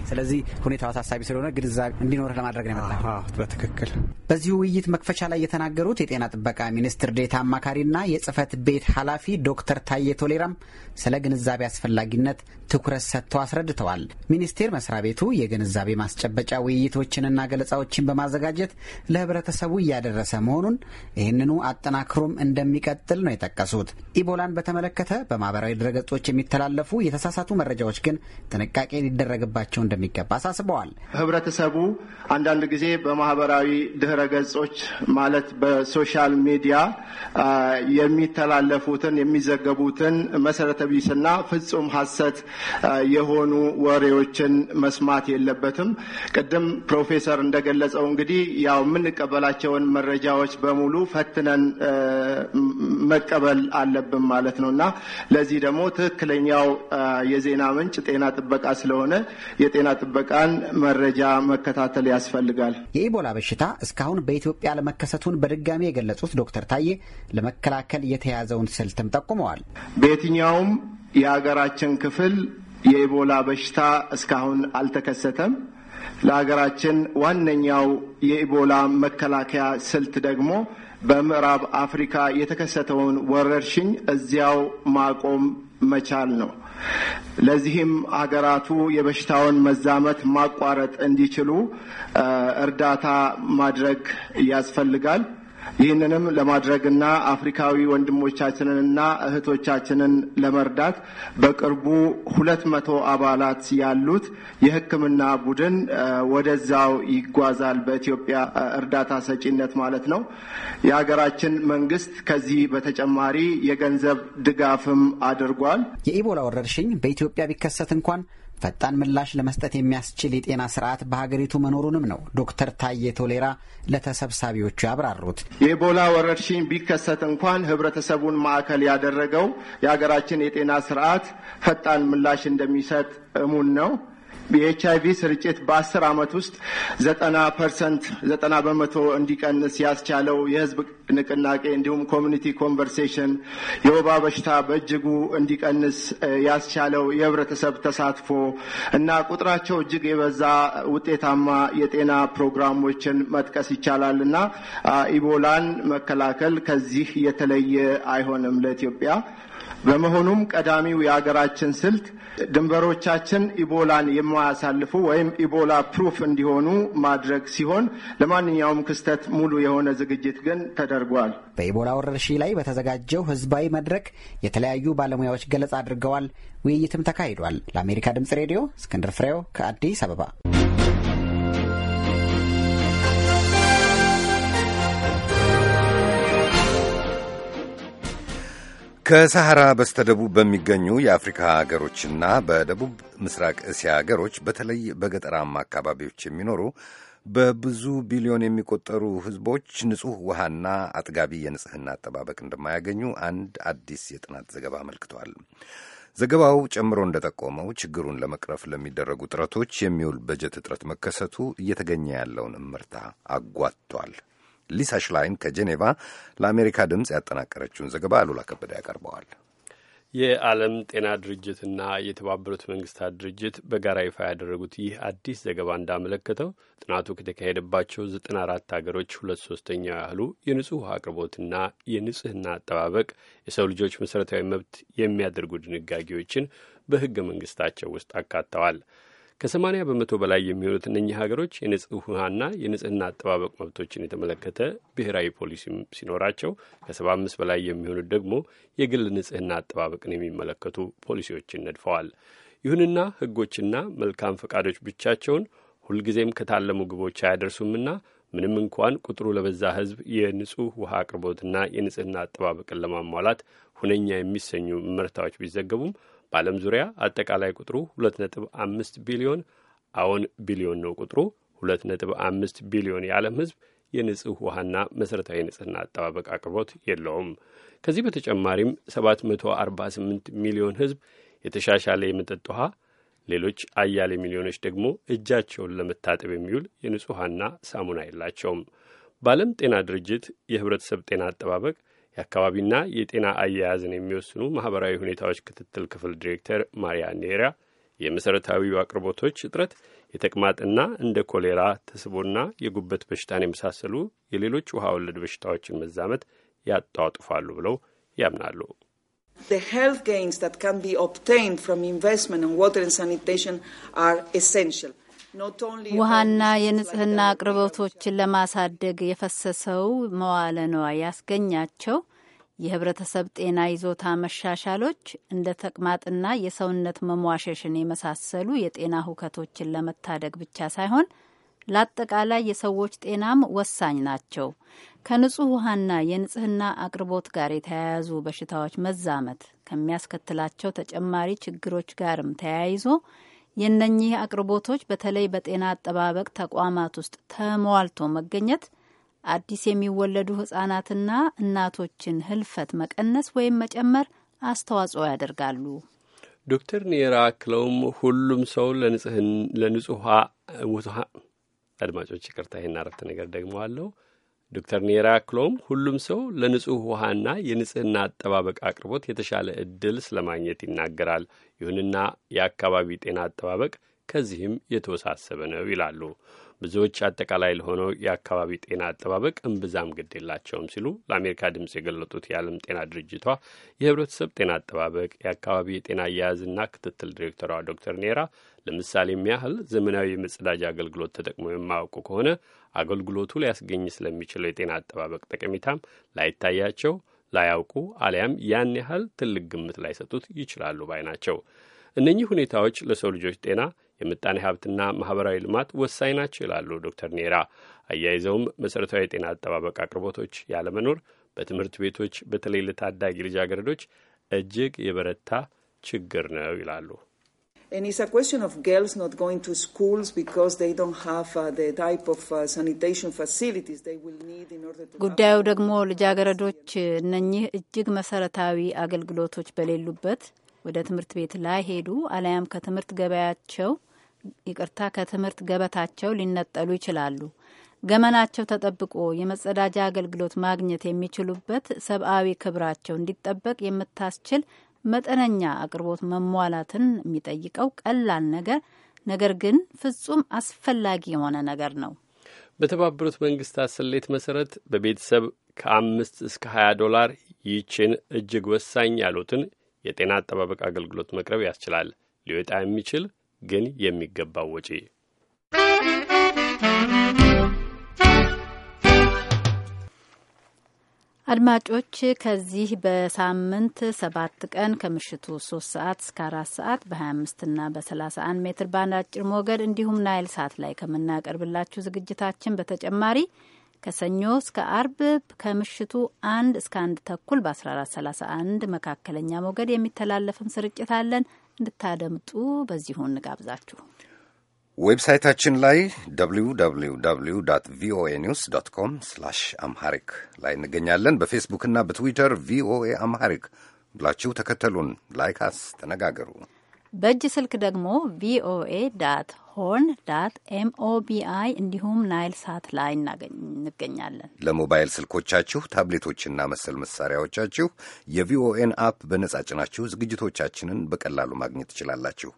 ስለዚህ ሁኔታው አሳሳቢ ስለሆነ ግንዛቤ እንዲኖርህ ለማድረግ ነው የመጣ። በትክክል በዚህ ውይይት መክፈቻ ላይ የተናገሩት የጤና ጥበቃ ሚኒስትር ዴታ አማካሪና የጽህፈት ቤት ኃላፊ ዶክተር ታዬ ቶሌራም ስለ ግንዛቤ አስፈላጊነት ትኩረት ሰጥተው አስረድተዋል። ሚኒስቴር መስሪያ ቤቱ የግንዛቤ ማስጨበጫ ውይይቶችንና ገለጻዎችን በማዘጋጀት ለህብረተሰቡ እያደረሰ መሆኑን ይህንኑ አጠናክሮም እንደሚቀጥል ነው የጠቀሱት። ኢቦላን በተመለከተ በማህበራዊ ድረገጾች የሚተላለፉ የተሳሳቱ መረጃዎች ግን ጥንቃቄ ሊደረግ ሊደረግባቸው እንደሚገባ አሳስበዋል። ህብረተሰቡ አንዳንድ ጊዜ በማህበራዊ ድህረ ገጾች ማለት በሶሻል ሚዲያ የሚተላለፉትን የሚዘገቡትን መሰረተ ቢስና ፍጹም ሀሰት የሆኑ ወሬዎችን መስማት የለበትም። ቅድም ፕሮፌሰር እንደገለጸው እንግዲህ ያው የምንቀበላቸውን መረጃዎች በሙሉ ፈትነን መቀበል አለብን ማለት ነው እና ለዚህ ደግሞ ትክክለኛው የዜና ምንጭ ጤና ጥበቃ ስለሆነ የጤና ጥበቃን መረጃ መከታተል ያስፈልጋል። የኢቦላ በሽታ እስካሁን በኢትዮጵያ ለመከሰቱን በድጋሚ የገለጹት ዶክተር ታዬ ለመከላከል የተያዘውን ስልትም ጠቁመዋል። በየትኛውም የሀገራችን ክፍል የኢቦላ በሽታ እስካሁን አልተከሰተም። ለሀገራችን ዋነኛው የኢቦላ መከላከያ ስልት ደግሞ በምዕራብ አፍሪካ የተከሰተውን ወረርሽኝ እዚያው ማቆም መቻል ነው። ለዚህም ሀገራቱ የበሽታውን መዛመት ማቋረጥ እንዲችሉ እርዳታ ማድረግ ያስፈልጋል። ይህንንም ለማድረግና አፍሪካዊ ወንድሞቻችንንና እህቶቻችንን ለመርዳት በቅርቡ ሁለት መቶ አባላት ያሉት የሕክምና ቡድን ወደዛው ይጓዛል። በኢትዮጵያ እርዳታ ሰጪነት ማለት ነው። የሀገራችን መንግስት ከዚህ በተጨማሪ የገንዘብ ድጋፍም አድርጓል። የኢቦላ ወረርሽኝ በኢትዮጵያ ቢከሰት እንኳን ፈጣን ምላሽ ለመስጠት የሚያስችል የጤና ስርዓት በሀገሪቱ መኖሩንም ነው ዶክተር ታዬ ቶሌራ ለተሰብሳቢዎቹ ያብራሩት። የኢቦላ ወረርሽኝ ቢከሰት እንኳን ህብረተሰቡን ማዕከል ያደረገው የሀገራችን የጤና ስርዓት ፈጣን ምላሽ እንደሚሰጥ እሙን ነው። የኤች አይቪ ስርጭት በአስር ዓመት ውስጥ ዘጠና ፐርሰንት ዘጠና በመቶ እንዲቀንስ ያስቻለው የህዝብ ንቅናቄ እንዲሁም ኮሚኒቲ ኮንቨርሴሽን የወባ በሽታ በእጅጉ እንዲቀንስ ያስቻለው የህብረተሰብ ተሳትፎ እና ቁጥራቸው እጅግ የበዛ ውጤታማ የጤና ፕሮግራሞችን መጥቀስ ይቻላል እና ኢቦላን መከላከል ከዚህ የተለየ አይሆንም ለኢትዮጵያ። በመሆኑም ቀዳሚው የአገራችን ስልት ድንበሮቻችን ኢቦላን የማያሳልፉ ወይም ኢቦላ ፕሩፍ እንዲሆኑ ማድረግ ሲሆን ለማንኛውም ክስተት ሙሉ የሆነ ዝግጅት ግን ተደርጓል። በኢቦላ ወረርሽኝ ላይ በተዘጋጀው ህዝባዊ መድረክ የተለያዩ ባለሙያዎች ገለጻ አድርገዋል። ውይይትም ተካሂዷል። ለአሜሪካ ድምጽ ሬዲዮ እስክንድር ፍሬው ከአዲስ አበባ ከሰሐራ በስተደቡብ በሚገኙ የአፍሪካ ሀገሮችና በደቡብ ምስራቅ እስያ ሀገሮች በተለይ በገጠራማ አካባቢዎች የሚኖሩ በብዙ ቢሊዮን የሚቆጠሩ ሕዝቦች ንጹሕ ውሃና አጥጋቢ የንጽህና አጠባበቅ እንደማያገኙ አንድ አዲስ የጥናት ዘገባ አመልክቷል። ዘገባው ጨምሮ እንደጠቆመው ችግሩን ለመቅረፍ ለሚደረጉ ጥረቶች የሚውል በጀት እጥረት መከሰቱ እየተገኘ ያለውን እምርታ አጓቷል። ሊሳ ሽላይን ከጄኔቫ ለአሜሪካ ድምፅ ያጠናቀረችውን ዘገባ አሉላ ከበደ ያቀርበዋል። የዓለም ጤና ድርጅትና የተባበሩት መንግስታት ድርጅት በጋራ ይፋ ያደረጉት ይህ አዲስ ዘገባ እንዳመለከተው ጥናቱ ከተካሄደባቸው ዘጠና አራት ሀገሮች ሁለት ሶስተኛው ያህሉ የንጹህ ውሃ አቅርቦትና የንጽህና አጠባበቅ የሰው ልጆች መሠረታዊ መብት የሚያደርጉ ድንጋጌዎችን በሕገ መንግስታቸው ውስጥ አካተዋል። ከ በመቶ በላይ የሚሆኑት እነኚህ ሀገሮች ውሃና የንጽህና አጠባበቅ መብቶችን የተመለከተ ብሔራዊ ፖሊሲም ሲኖራቸው ከ75 በላይ የሚሆኑት ደግሞ የግል ንጽህና አጠባበቅን የሚመለከቱ ፖሊሲዎችን ነድፈዋል። ይሁንና ህጎችና መልካም ፈቃዶች ብቻቸውን ሁልጊዜም ከታለሙ ግቦች አያደርሱምና ምንም እንኳን ቁጥሩ ለበዛ ህዝብ የንጹህ ውሃ አቅርቦትና የንጽህና አጠባበቅን ለማሟላት ሁነኛ የሚሰኙ ምርታዎች ቢዘገቡም በዓለም ዙሪያ አጠቃላይ ቁጥሩ 2.5 ቢሊዮን አዎን ቢሊዮን ነው ቁጥሩ 2.5 ቢሊዮን የዓለም ህዝብ የንጹህ ውሃና መሠረታዊ ንጽህና አጠባበቅ አቅርቦት የለውም። ከዚህ በተጨማሪም 748 ሚሊዮን ህዝብ የተሻሻለ የመጠጥ ውሃ፣ ሌሎች አያሌ ሚሊዮኖች ደግሞ እጃቸውን ለመታጠብ የሚውል የንጹህ ውሃና ሳሙና የላቸውም። በዓለም ጤና ድርጅት የህብረተሰብ ጤና አጠባበቅ የአካባቢና የጤና አያያዝን የሚወስኑ ማህበራዊ ሁኔታዎች ክትትል ክፍል ዲሬክተር ማሪያ ኔራ የመሠረታዊ አቅርቦቶች እጥረት የተቅማጥና እንደ ኮሌራ ተስቦና የጉበት በሽታን የመሳሰሉ የሌሎች ውሃ ወለድ በሽታዎችን መዛመት ያጧጥፋሉ ብለው ያምናሉ። ሄልዝ ጌንስ ታት ካን ቢ ኦብቴንድ ፍሮም ኢንቨስትመንት ኢን ዋተር ኤንድ ሳኒቴሽን አር ኤሴንሽል ውሃና የንጽህና አቅርቦቶችን ለማሳደግ የፈሰሰው መዋለ ነዋ ያስገኛቸው የህብረተሰብ ጤና ይዞታ መሻሻሎች እንደ ተቅማጥና የሰውነት መሟሸሽን የመሳሰሉ የጤና ሁከቶችን ለመታደግ ብቻ ሳይሆን ለአጠቃላይ የሰዎች ጤናም ወሳኝ ናቸው። ከንጹህ ውሃና የንጽህና አቅርቦት ጋር የተያያዙ በሽታዎች መዛመት ከሚያስከትላቸው ተጨማሪ ችግሮች ጋርም ተያይዞ የእነኚህ አቅርቦቶች በተለይ በጤና አጠባበቅ ተቋማት ውስጥ ተሟልቶ መገኘት አዲስ የሚወለዱ ህጻናትና እናቶችን ህልፈት መቀነስ ወይም መጨመር አስተዋጽኦ ያደርጋሉ። ዶክተር ኔራ አክለውም ሁሉም ሰው ለንጹህ ውሃ አድማጮች ይቅርታ ይህን አረፍተ ነገር ደግሞ አለው። ዶክተር ኔራ አክለውም ሁሉም ሰው ለንጹህ ውሃና የንጽህና አጠባበቅ አቅርቦት የተሻለ እድል ስለማግኘት ይናገራል። ይሁንና የአካባቢ ጤና አጠባበቅ ከዚህም የተወሳሰበ ነው ይላሉ። ብዙዎች አጠቃላይ ለሆነው የአካባቢ ጤና አጠባበቅ እምብዛም ግድ የላቸውም ሲሉ ለአሜሪካ ድምፅ የገለጡት የዓለም ጤና ድርጅቷ የህብረተሰብ ጤና አጠባበቅ የአካባቢ የጤና አያያዝና ክትትል ዲሬክተሯ ዶክተር ኔራ ለምሳሌም ያህል ዘመናዊ የመጸዳጃ አገልግሎት ተጠቅሞ የማያውቁ ከሆነ አገልግሎቱ ሊያስገኝ ስለሚችለው የጤና አጠባበቅ ጠቀሜታም ላይታያቸው ላያውቁ አሊያም ያን ያህል ትልቅ ግምት ላይሰጡት ይችላሉ ባይ ናቸው። እነኚህ ሁኔታዎች ለሰው ልጆች ጤና የምጣኔ ሀብትና ማህበራዊ ልማት ወሳኝ ናቸው ይላሉ ዶክተር ኔራ። አያይዘውም መሠረታዊ የጤና አጠባበቅ አቅርቦቶች ያለመኖር በትምህርት ቤቶች በተለይ ለታዳጊ ልጃገረዶች እጅግ የበረታ ችግር ነው ይላሉ። And it's a question of girls not going to schools because they don't have uh, the type of uh, sanitation facilities they will need in order to ጉዳዩ ደግሞ ልጃገረዶች እነኚህ እጅግ መሰረታዊ አገልግሎቶች በሌሉበት ወደ ትምህርት ቤት ላይ ሄዱ አለያም ከትምህርት ገበያቸው ይቅርታ ከትምህርት ገበታቸው ሊነጠሉ ይችላሉ። ገመናቸው ተጠብቆ የመጸዳጃ አገልግሎት ማግኘት የሚችሉበት ሰብአዊ ክብራቸው እንዲጠበቅ የምታስችል መጠነኛ አቅርቦት መሟላትን የሚጠይቀው ቀላል ነገር ነገር ግን ፍጹም አስፈላጊ የሆነ ነገር ነው። በተባበሩት መንግስታት ስሌት መሰረት በቤተሰብ ከአምስት እስከ 20 ዶላር ይችን እጅግ ወሳኝ ያሉትን የጤና አጠባበቅ አገልግሎት መቅረብ ያስችላል። ሊወጣ የሚችል ግን የሚገባው ወጪ አድማጮች ከዚህ በሳምንት ሰባት ቀን ከምሽቱ ሶስት ሰዓት እስከ አራት ሰዓት በ25 ና በ31 ሜትር ባንድ አጭር ሞገድ እንዲሁም ናይል ሳት ላይ ከምናቀርብላችሁ ዝግጅታችን በተጨማሪ ከሰኞ እስከ አርብ ከምሽቱ አንድ እስከ አንድ ተኩል በ1431 መካከለኛ ሞገድ የሚተላለፍም ስርጭት አለን። እንድታደምጡ በዚሁ እንጋብዛችሁ። ዌብሳይታችን ላይ www ቪኦኤ ኒውስ ዶት ኮም ስላሽ አምሃሪክ ላይ እንገኛለን። በፌስቡክና በትዊተር ቪኦኤ አምሃሪክ ብላችሁ ተከተሉን፣ ላይክ አስ፣ ተነጋገሩ። በእጅ ስልክ ደግሞ ቪኦኤ ዳት ሆን ዳት ኤምኦቢአይ እንዲሁም ናይል ሳት ላይ እንገኛለን። ለሞባይል ስልኮቻችሁ ታብሌቶችና መሰል መሳሪያዎቻችሁ የቪኦኤን አፕ በነጻ ጭናችሁ ዝግጅቶቻችንን በቀላሉ ማግኘት ትችላላችሁ።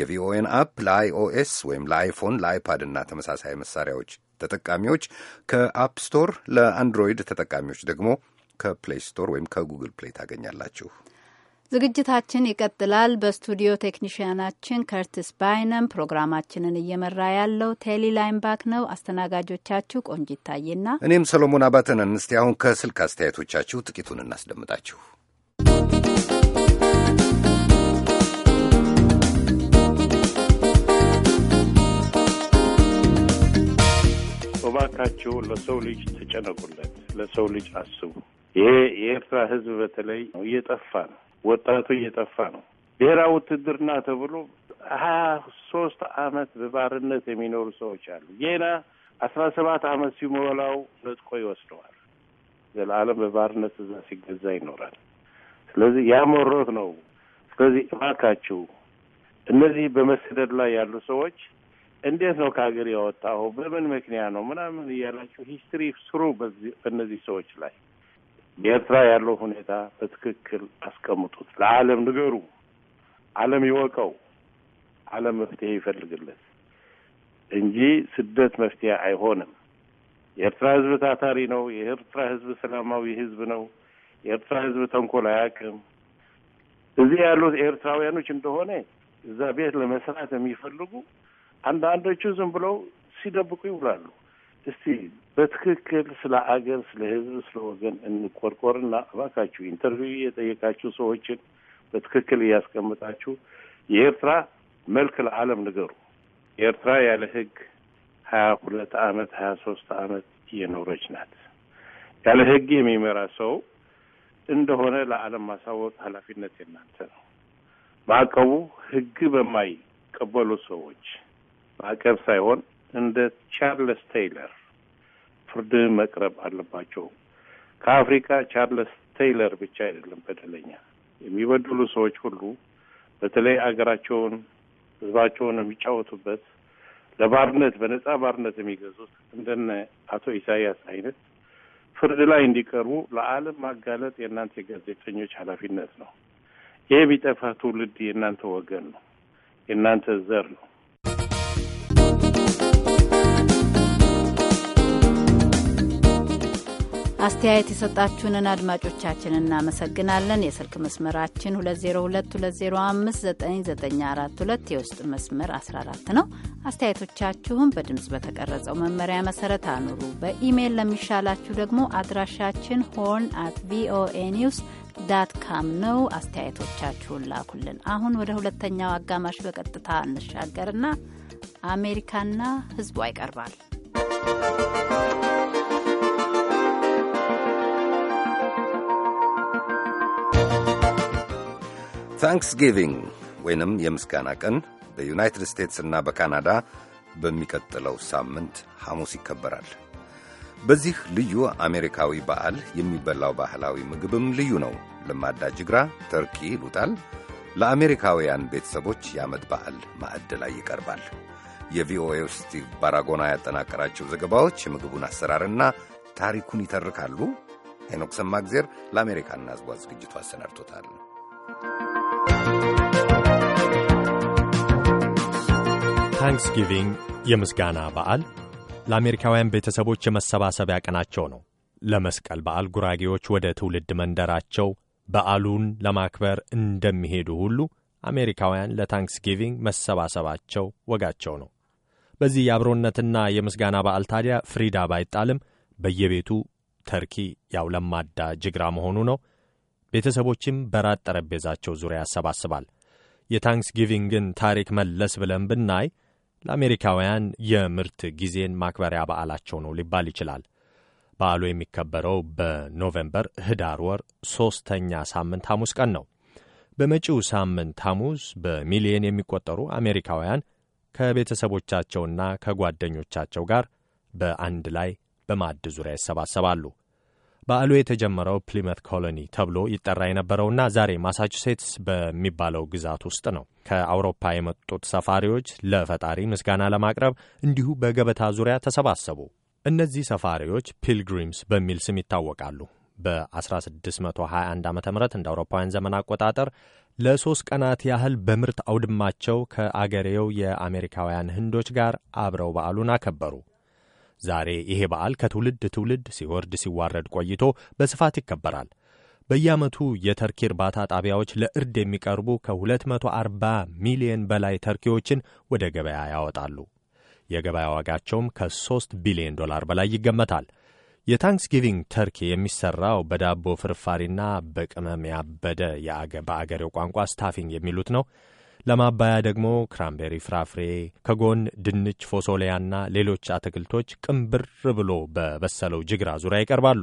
የቪኦኤን አፕ ለአይኦኤስ ወይም ለአይፎን፣ ለአይፓድ እና ተመሳሳይ መሳሪያዎች ተጠቃሚዎች ከአፕ ስቶር፣ ለአንድሮይድ ተጠቃሚዎች ደግሞ ከፕሌይ ስቶር ወይም ከጉግል ፕሌይ ታገኛላችሁ። ዝግጅታችን ይቀጥላል። በስቱዲዮ ቴክኒሽያናችን ከርትስ ባይነም፣ ፕሮግራማችንን እየመራ ያለው ቴሊ ላይምባክ ነው። አስተናጋጆቻችሁ ቆንጅ ይታየና እኔም ሰሎሞን አባተነን። እስቲ አሁን ከስልክ አስተያየቶቻችሁ ጥቂቱን እናስደምጣችሁ። እባካችሁ ለሰው ልጅ ተጨነቁለት፣ ለሰው ልጅ አስቡ። ይሄ የኤርትራ ሕዝብ በተለይ እየጠፋ ነው ወጣቱ እየጠፋ ነው። ብሔራዊ ውትድርና ተብሎ ሀያ ሶስት አመት በባርነት የሚኖሩ ሰዎች አሉ። ጌና አስራ ሰባት አመት ሲሞላው ነጥቆ ይወስደዋል። ዘለአለም በባርነት እዛ ሲገዛ ይኖራል። ስለዚህ ያመሮት ነው። ስለዚህ እባካችሁ እነዚህ በመሰደድ ላይ ያሉ ሰዎች እንዴት ነው ከሀገር ያወጣኸው? በምን ምክንያት ነው ምናምን እያላችሁ ሂስትሪ ስሩ በነዚህ ሰዎች ላይ የኤርትራ ያለው ሁኔታ በትክክል አስቀምጡት፣ ለዓለም ንገሩ፣ ዓለም ይወቀው፣ ዓለም መፍትሄ ይፈልግለት እንጂ ስደት መፍትሄ አይሆንም። የኤርትራ ህዝብ ታታሪ ነው። የኤርትራ ህዝብ ሰላማዊ ህዝብ ነው። የኤርትራ ህዝብ ተንኮል አያውቅም። እዚህ ያሉት ኤርትራውያኖች እንደሆነ እዛ ቤት ለመስራት የሚፈልጉ አንዳንዶቹ ዝም ብለው ሲደብቁ ይውላሉ። እስቲ በትክክል ስለ አገር፣ ስለ ህዝብ፣ ስለ ወገን እንቆርቆርና እባካችሁ ኢንተርቪው የጠየቃችሁ ሰዎችን በትክክል እያስቀምጣችሁ የኤርትራ መልክ ለዓለም ንገሩ። ኤርትራ ያለ ህግ ሀያ ሁለት ዓመት ሀያ ሶስት አመት የኖረች ናት። ያለ ህግ የሚመራ ሰው እንደሆነ ለዓለም ማሳወቅ ኃላፊነት የናንተ ነው። ማዕቀቡ ህግ በማይቀበሉ ሰዎች ማዕቀብ ሳይሆን እንደ ቻርለስ ቴይለር ፍርድ መቅረብ አለባቸው። ከአፍሪካ ቻርለስ ቴይለር ብቻ አይደለም በደለኛ። የሚበድሉ ሰዎች ሁሉ በተለይ አገራቸውን ህዝባቸውን የሚጫወቱበት ለባርነት በነጻ ባርነት የሚገዙት እንደነ አቶ ኢሳያስ አይነት ፍርድ ላይ እንዲቀርቡ ለዓለም ማጋለጥ የእናንተ የጋዜጠኞች ኃላፊነት ነው። ይህ ቢጠፋ ትውልድ የእናንተ ወገን ነው፣ የእናንተ ዘር ነው። አስተያየት የሰጣችሁንን አድማጮቻችን እናመሰግናለን። የስልክ መስመራችን 2022059942 የውስጥ መስመር 14 ነው። አስተያየቶቻችሁን በድምፅ በተቀረጸው መመሪያ መሰረት አኑሩ። በኢሜይል ለሚሻላችሁ ደግሞ አድራሻችን ሆርን አት ቪኦኤ ኒውስ ዳት ካም ነው። አስተያየቶቻችሁን ላኩልን። አሁን ወደ ሁለተኛው አጋማሽ በቀጥታ እንሻገርና አሜሪካና ሕዝቧ ይቀርባል። ታንክስጊቪንግ ወይንም የምስጋና ቀን በዩናይትድ እና በካናዳ በሚቀጥለው ሳምንት ሐሙስ ይከበራል። በዚህ ልዩ አሜሪካዊ በዓል የሚበላው ባህላዊ ምግብም ልዩ ነው። ለማዳ ጅግራ ተርኪ ይሉታል ለአሜሪካውያን ቤተሰቦች የዓመት በዓል ማዕድ ላይ ይቀርባል። የቪኦኤው ስቲቭ ባራጎና ያጠናቀራቸው ዘገባዎች የምግቡን አሰራርና ታሪኩን ይተርካሉ። ሄኖክ ሰማግዜር ለአሜሪካና ሕዝቧ ዝግጅቱ አሰናድቶታል። ታንክስጊቪንግ የምስጋና በዓል ለአሜሪካውያን ቤተሰቦች የመሰባሰቢያ ቀናቸው ነው። ለመስቀል በዓል ጉራጌዎች ወደ ትውልድ መንደራቸው በዓሉን ለማክበር እንደሚሄዱ ሁሉ አሜሪካውያን ለታንክስጊቪንግ መሰባሰባቸው ወጋቸው ነው። በዚህ የአብሮነትና የምስጋና በዓል ታዲያ ፍሪዳ ባይጣልም በየቤቱ ተርኪ ያው ለማዳ ጅግራ መሆኑ ነው። ቤተሰቦችም በራት ጠረጴዛቸው ዙሪያ ያሰባስባል። የታንክስጊቪንግን ታሪክ መለስ ብለን ብናይ ለአሜሪካውያን የምርት ጊዜን ማክበሪያ በዓላቸው ነው ሊባል ይችላል። በዓሉ የሚከበረው በኖቬምበር ህዳር ወር ሦስተኛ ሳምንት ሐሙስ ቀን ነው። በመጪው ሳምንት ሐሙስ በሚሊየን የሚቆጠሩ አሜሪካውያን ከቤተሰቦቻቸውና ከጓደኞቻቸው ጋር በአንድ ላይ በማዕድ ዙሪያ ይሰባሰባሉ። በዓሉ የተጀመረው ፕሊመት ኮሎኒ ተብሎ ይጠራ የነበረውና ዛሬ ማሳቹሴትስ በሚባለው ግዛት ውስጥ ነው። ከአውሮፓ የመጡት ሰፋሪዎች ለፈጣሪ ምስጋና ለማቅረብ እንዲሁ በገበታ ዙሪያ ተሰባሰቡ። እነዚህ ሰፋሪዎች ፒልግሪምስ በሚል ስም ይታወቃሉ። በ1621 ዓ ም እንደ አውሮፓውያን ዘመን አቆጣጠር ለሦስት ቀናት ያህል በምርት አውድማቸው ከአገሬው የአሜሪካውያን ህንዶች ጋር አብረው በዓሉን አከበሩ። ዛሬ ይሄ በዓል ከትውልድ ትውልድ ሲወርድ ሲዋረድ ቆይቶ በስፋት ይከበራል። በየዓመቱ የተርኪ እርባታ ጣቢያዎች ለእርድ የሚቀርቡ ከ240 ሚሊዮን በላይ ተርኪዎችን ወደ ገበያ ያወጣሉ። የገበያ ዋጋቸውም ከ3 ቢሊዮን ዶላር በላይ ይገመታል። የታንክስጊቪንግ ተርኪ የሚሠራው በዳቦ ፍርፋሪና በቅመም ያበደ በአገሬው ቋንቋ ስታፊንግ የሚሉት ነው። ለማባያ ደግሞ ክራምቤሪ ፍራፍሬ ከጎን ድንች፣ ፎሶሊያና ሌሎች አትክልቶች ቅንብር ብሎ በበሰለው ጅግራ ዙሪያ ይቀርባሉ።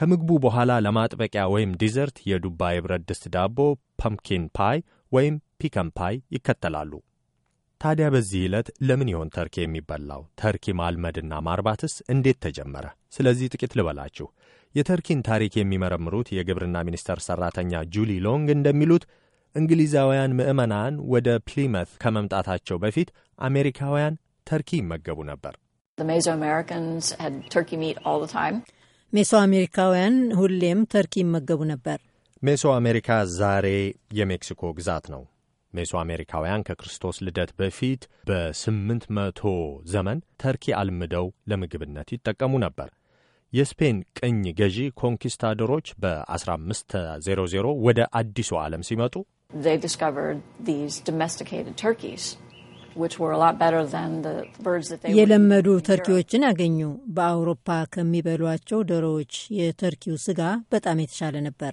ከምግቡ በኋላ ለማጥበቂያ ወይም ዲዘርት የዱባ የብረት ድስት ዳቦ ፐምኪን ፓይ ወይም ፒከን ፓይ ይከተላሉ። ታዲያ በዚህ ዕለት ለምን ይሆን ተርኪ የሚበላው? ተርኪ ማልመድና ማርባትስ እንዴት ተጀመረ? ስለዚህ ጥቂት ልበላችሁ። የተርኪን ታሪክ የሚመረምሩት የግብርና ሚኒስቴር ሠራተኛ ጁሊ ሎንግ እንደሚሉት እንግሊዛውያን ምዕመናን ወደ ፕሊመት ከመምጣታቸው በፊት አሜሪካውያን ተርኪ ይመገቡ ነበር። ሜሶ አሜሪካውያን ሁሌም ተርኪ ይመገቡ ነበር። ሜሶ አሜሪካ ዛሬ የሜክሲኮ ግዛት ነው። ሜሶ አሜሪካውያን ከክርስቶስ ልደት በፊት በስምንት መቶ ዘመን ተርኪ አልምደው ለምግብነት ይጠቀሙ ነበር። የስፔን ቅኝ ገዢ ኮንኪስታዶሮች በ1500 ወደ አዲሱ ዓለም ሲመጡ they discovered these domesticated turkeys. የለመዱ ተርኪዎችን አገኙ። በአውሮፓ ከሚበሏቸው ዶሮዎች የተርኪው ስጋ በጣም የተሻለ ነበር።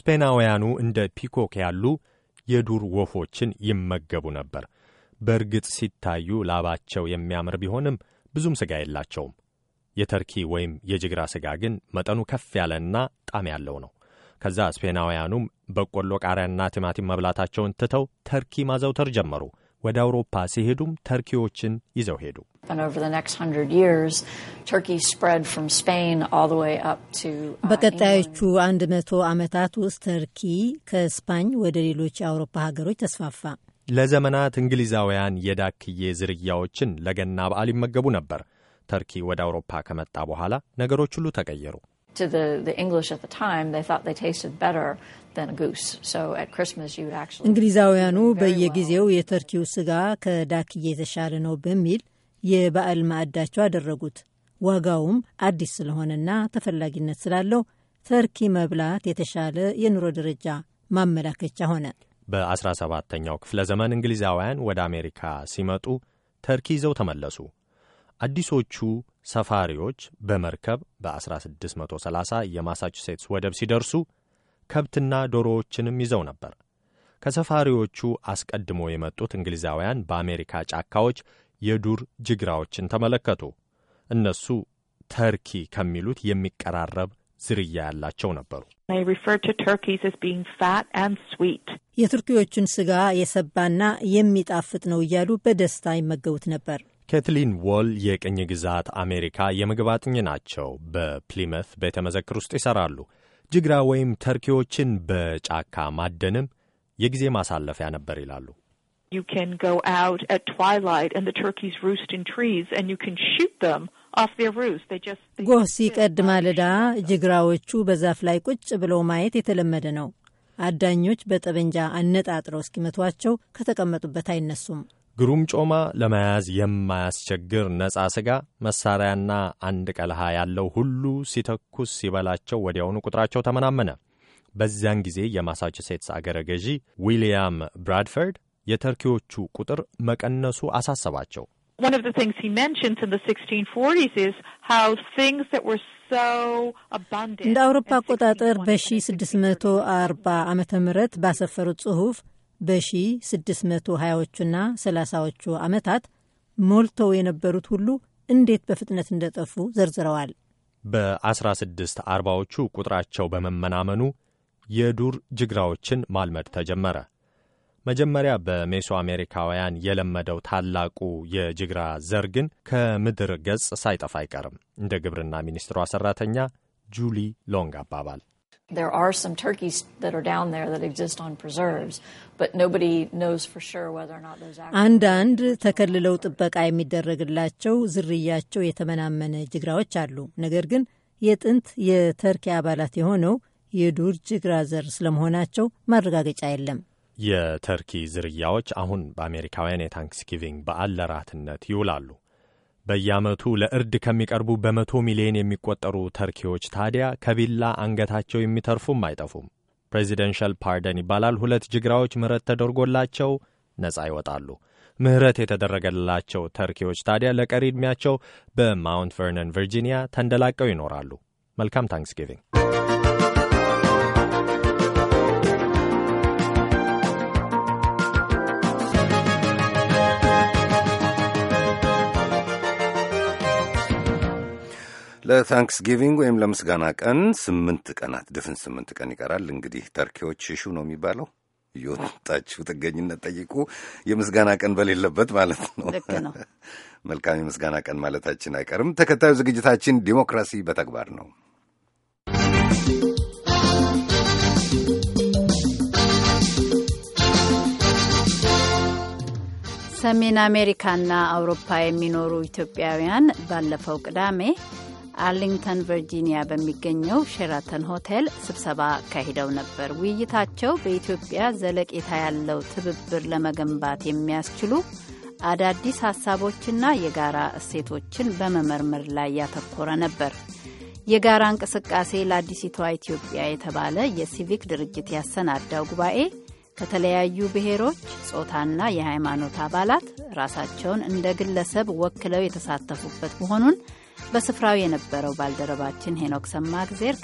ስፔናውያኑ እንደ ፒኮክ ያሉ የዱር ወፎችን ይመገቡ ነበር። በእርግጥ ሲታዩ ላባቸው የሚያምር ቢሆንም ብዙም ስጋ የላቸውም። የተርኪ ወይም የጅግራ ስጋ ግን መጠኑ ከፍ ያለና ጣዕም ያለው ነው። ከዛ ስፔናውያኑም በቆሎ፣ ቃሪያና ቲማቲም መብላታቸውን ትተው ተርኪ ማዘውተር ጀመሩ። ወደ አውሮፓ ሲሄዱም ተርኪዎችን ይዘው ሄዱ። uh, በቀጣዮቹ አንድ መቶ ዓመታት ውስጥ ተርኪ ከስፓኝ ወደ ሌሎች የአውሮፓ ሀገሮች ተስፋፋ። ለዘመናት እንግሊዛውያን የዳክዬ ዝርያዎችን ለገና በዓል ይመገቡ ነበር። ተርኪ ወደ አውሮፓ ከመጣ በኋላ ነገሮች ሁሉ ተቀየሩ። to the, the English at the time, they thought they tasted better እንግሊዛውያኑ በየጊዜው የተርኪው ስጋ ከዳክዬ የተሻለ ነው በሚል የበዓል ማዕዳቸው አደረጉት። ዋጋውም አዲስ ስለሆነና ተፈላጊነት ስላለው ተርኪ መብላት የተሻለ የኑሮ ደረጃ ማመላከቻ ሆነ። በ17ኛው ክፍለ ዘመን እንግሊዛውያን ወደ አሜሪካ ሲመጡ ተርኪ ይዘው ተመለሱ። አዲሶቹ ሰፋሪዎች በመርከብ በ1630 የማሳቹሴትስ ወደብ ሲደርሱ ከብትና ዶሮዎችንም ይዘው ነበር። ከሰፋሪዎቹ አስቀድሞ የመጡት እንግሊዛውያን በአሜሪካ ጫካዎች የዱር ጅግራዎችን ተመለከቱ። እነሱ ተርኪ ከሚሉት የሚቀራረብ ዝርያ ያላቸው ነበሩ። የቱርኪዎቹን ስጋ የሰባና የሚጣፍጥ ነው እያሉ በደስታ ይመገቡት ነበር። ኬትሊን ዎል የቅኝ ግዛት አሜሪካ የምግብ አጥኚ ናቸው። በፕሊመፍ ቤተ መዘክር ውስጥ ይሠራሉ። ጅግራ ወይም ተርኪዎችን በጫካ ማደንም የጊዜ ማሳለፊያ ነበር ይላሉ። You can go out at twilight and the turkeys roost in trees and you can shoot them off their roost. They just ጎህ ሲቀድ ማለዳ ጅግራዎቹ በዛፍ ላይ ቁጭ ብለው ማየት የተለመደ ነው። አዳኞች በጠበንጃ አነጣጥረው እስኪመቷቸው ከተቀመጡበት አይነሱም። ግሩም ጮማ ለመያዝ የማያስቸግር ነጻ ሥጋ መሣሪያና አንድ ቀልሃ ያለው ሁሉ ሲተኩስ ሲበላቸው ወዲያውኑ ቁጥራቸው ተመናመነ። በዚያን ጊዜ የማሳቹሴትስ አገረ ገዢ ዊልያም ብራድፈርድ የተርኪዎቹ ቁጥር መቀነሱ አሳሰባቸው። እንደ አውሮፓ አቆጣጠር በ1640 ዓ ም ባሰፈሩት ጽሑፍ በ1620ዎቹና 30ዎቹ ዓመታት ሞልተው የነበሩት ሁሉ እንዴት በፍጥነት እንደጠፉ ዘርዝረዋል። በ1640ዎቹ ቁጥራቸው በመመናመኑ የዱር ጅግራዎችን ማልመድ ተጀመረ። መጀመሪያ በሜሶ አሜሪካውያን የለመደው ታላቁ የጅግራ ዘር ግን ከምድር ገጽ ሳይጠፋ አይቀርም እንደ ግብርና ሚኒስትሯ ሠራተኛ ጁሊ ሎንግ አባባል There are some turkeys that are down there that exist on preserves, but nobody knows for sure whether or not those actually አንዳንድ ተከልለው ጥበቃ የሚደረግላቸው ዝርያቸው የተመናመነ ጅግራዎች አሉ። ነገር ግን የጥንት የተርኪ አባላት የሆነው የዱር ጅግራ ዘር ስለመሆናቸው ማረጋገጫ የለም። የተርኪ ዝርያዎች አሁን በአሜሪካውያን የታንክስጊቪንግ በዓል ለራትነት ይውላሉ። በየዓመቱ ለእርድ ከሚቀርቡ በመቶ ሚሊዮን የሚቆጠሩ ተርኪዎች ታዲያ ከቢላ አንገታቸው የሚተርፉም አይጠፉም። ፕሬዚደንሻል ፓርደን ይባላል። ሁለት ጅግራዎች ምህረት ተደርጎላቸው ነጻ ይወጣሉ። ምህረት የተደረገላቸው ተርኪዎች ታዲያ ለቀሪ ዕድሜያቸው በማውንት ቨርነን ቨርጂኒያ ተንደላቀው ይኖራሉ። መልካም ታንክስጊቪንግ። ለታንክስጊቪንግ ወይም ለምስጋና ቀን ስምንት ቀናት ድፍን ስምንት ቀን ይቀራል። እንግዲህ ተርኪዎች ሽሹ ነው የሚባለው እየወጣችሁ ጥገኝነት ጠይቁ። የምስጋና ቀን በሌለበት ማለት ነው። መልካም የምስጋና ቀን ማለታችን አይቀርም። ተከታዩ ዝግጅታችን ዲሞክራሲ በተግባር ነው። ሰሜን አሜሪካና አውሮፓ የሚኖሩ ኢትዮጵያውያን ባለፈው ቅዳሜ አርሊንግተን ቨርጂኒያ በሚገኘው ሼራተን ሆቴል ስብሰባ አካሂደው ነበር። ውይይታቸው በኢትዮጵያ ዘለቄታ ያለው ትብብር ለመገንባት የሚያስችሉ አዳዲስ ሀሳቦችና የጋራ እሴቶችን በመመርመር ላይ ያተኮረ ነበር። የጋራ እንቅስቃሴ ለአዲሲቷ ኢትዮጵያ የተባለ የሲቪክ ድርጅት ያሰናዳው ጉባኤ ከተለያዩ ብሔሮች፣ ጾታና የሃይማኖት አባላት ራሳቸውን እንደ ግለሰብ ወክለው የተሳተፉበት መሆኑን በስፍራው የነበረው ባልደረባችን ሄኖክ ሰማእግዜር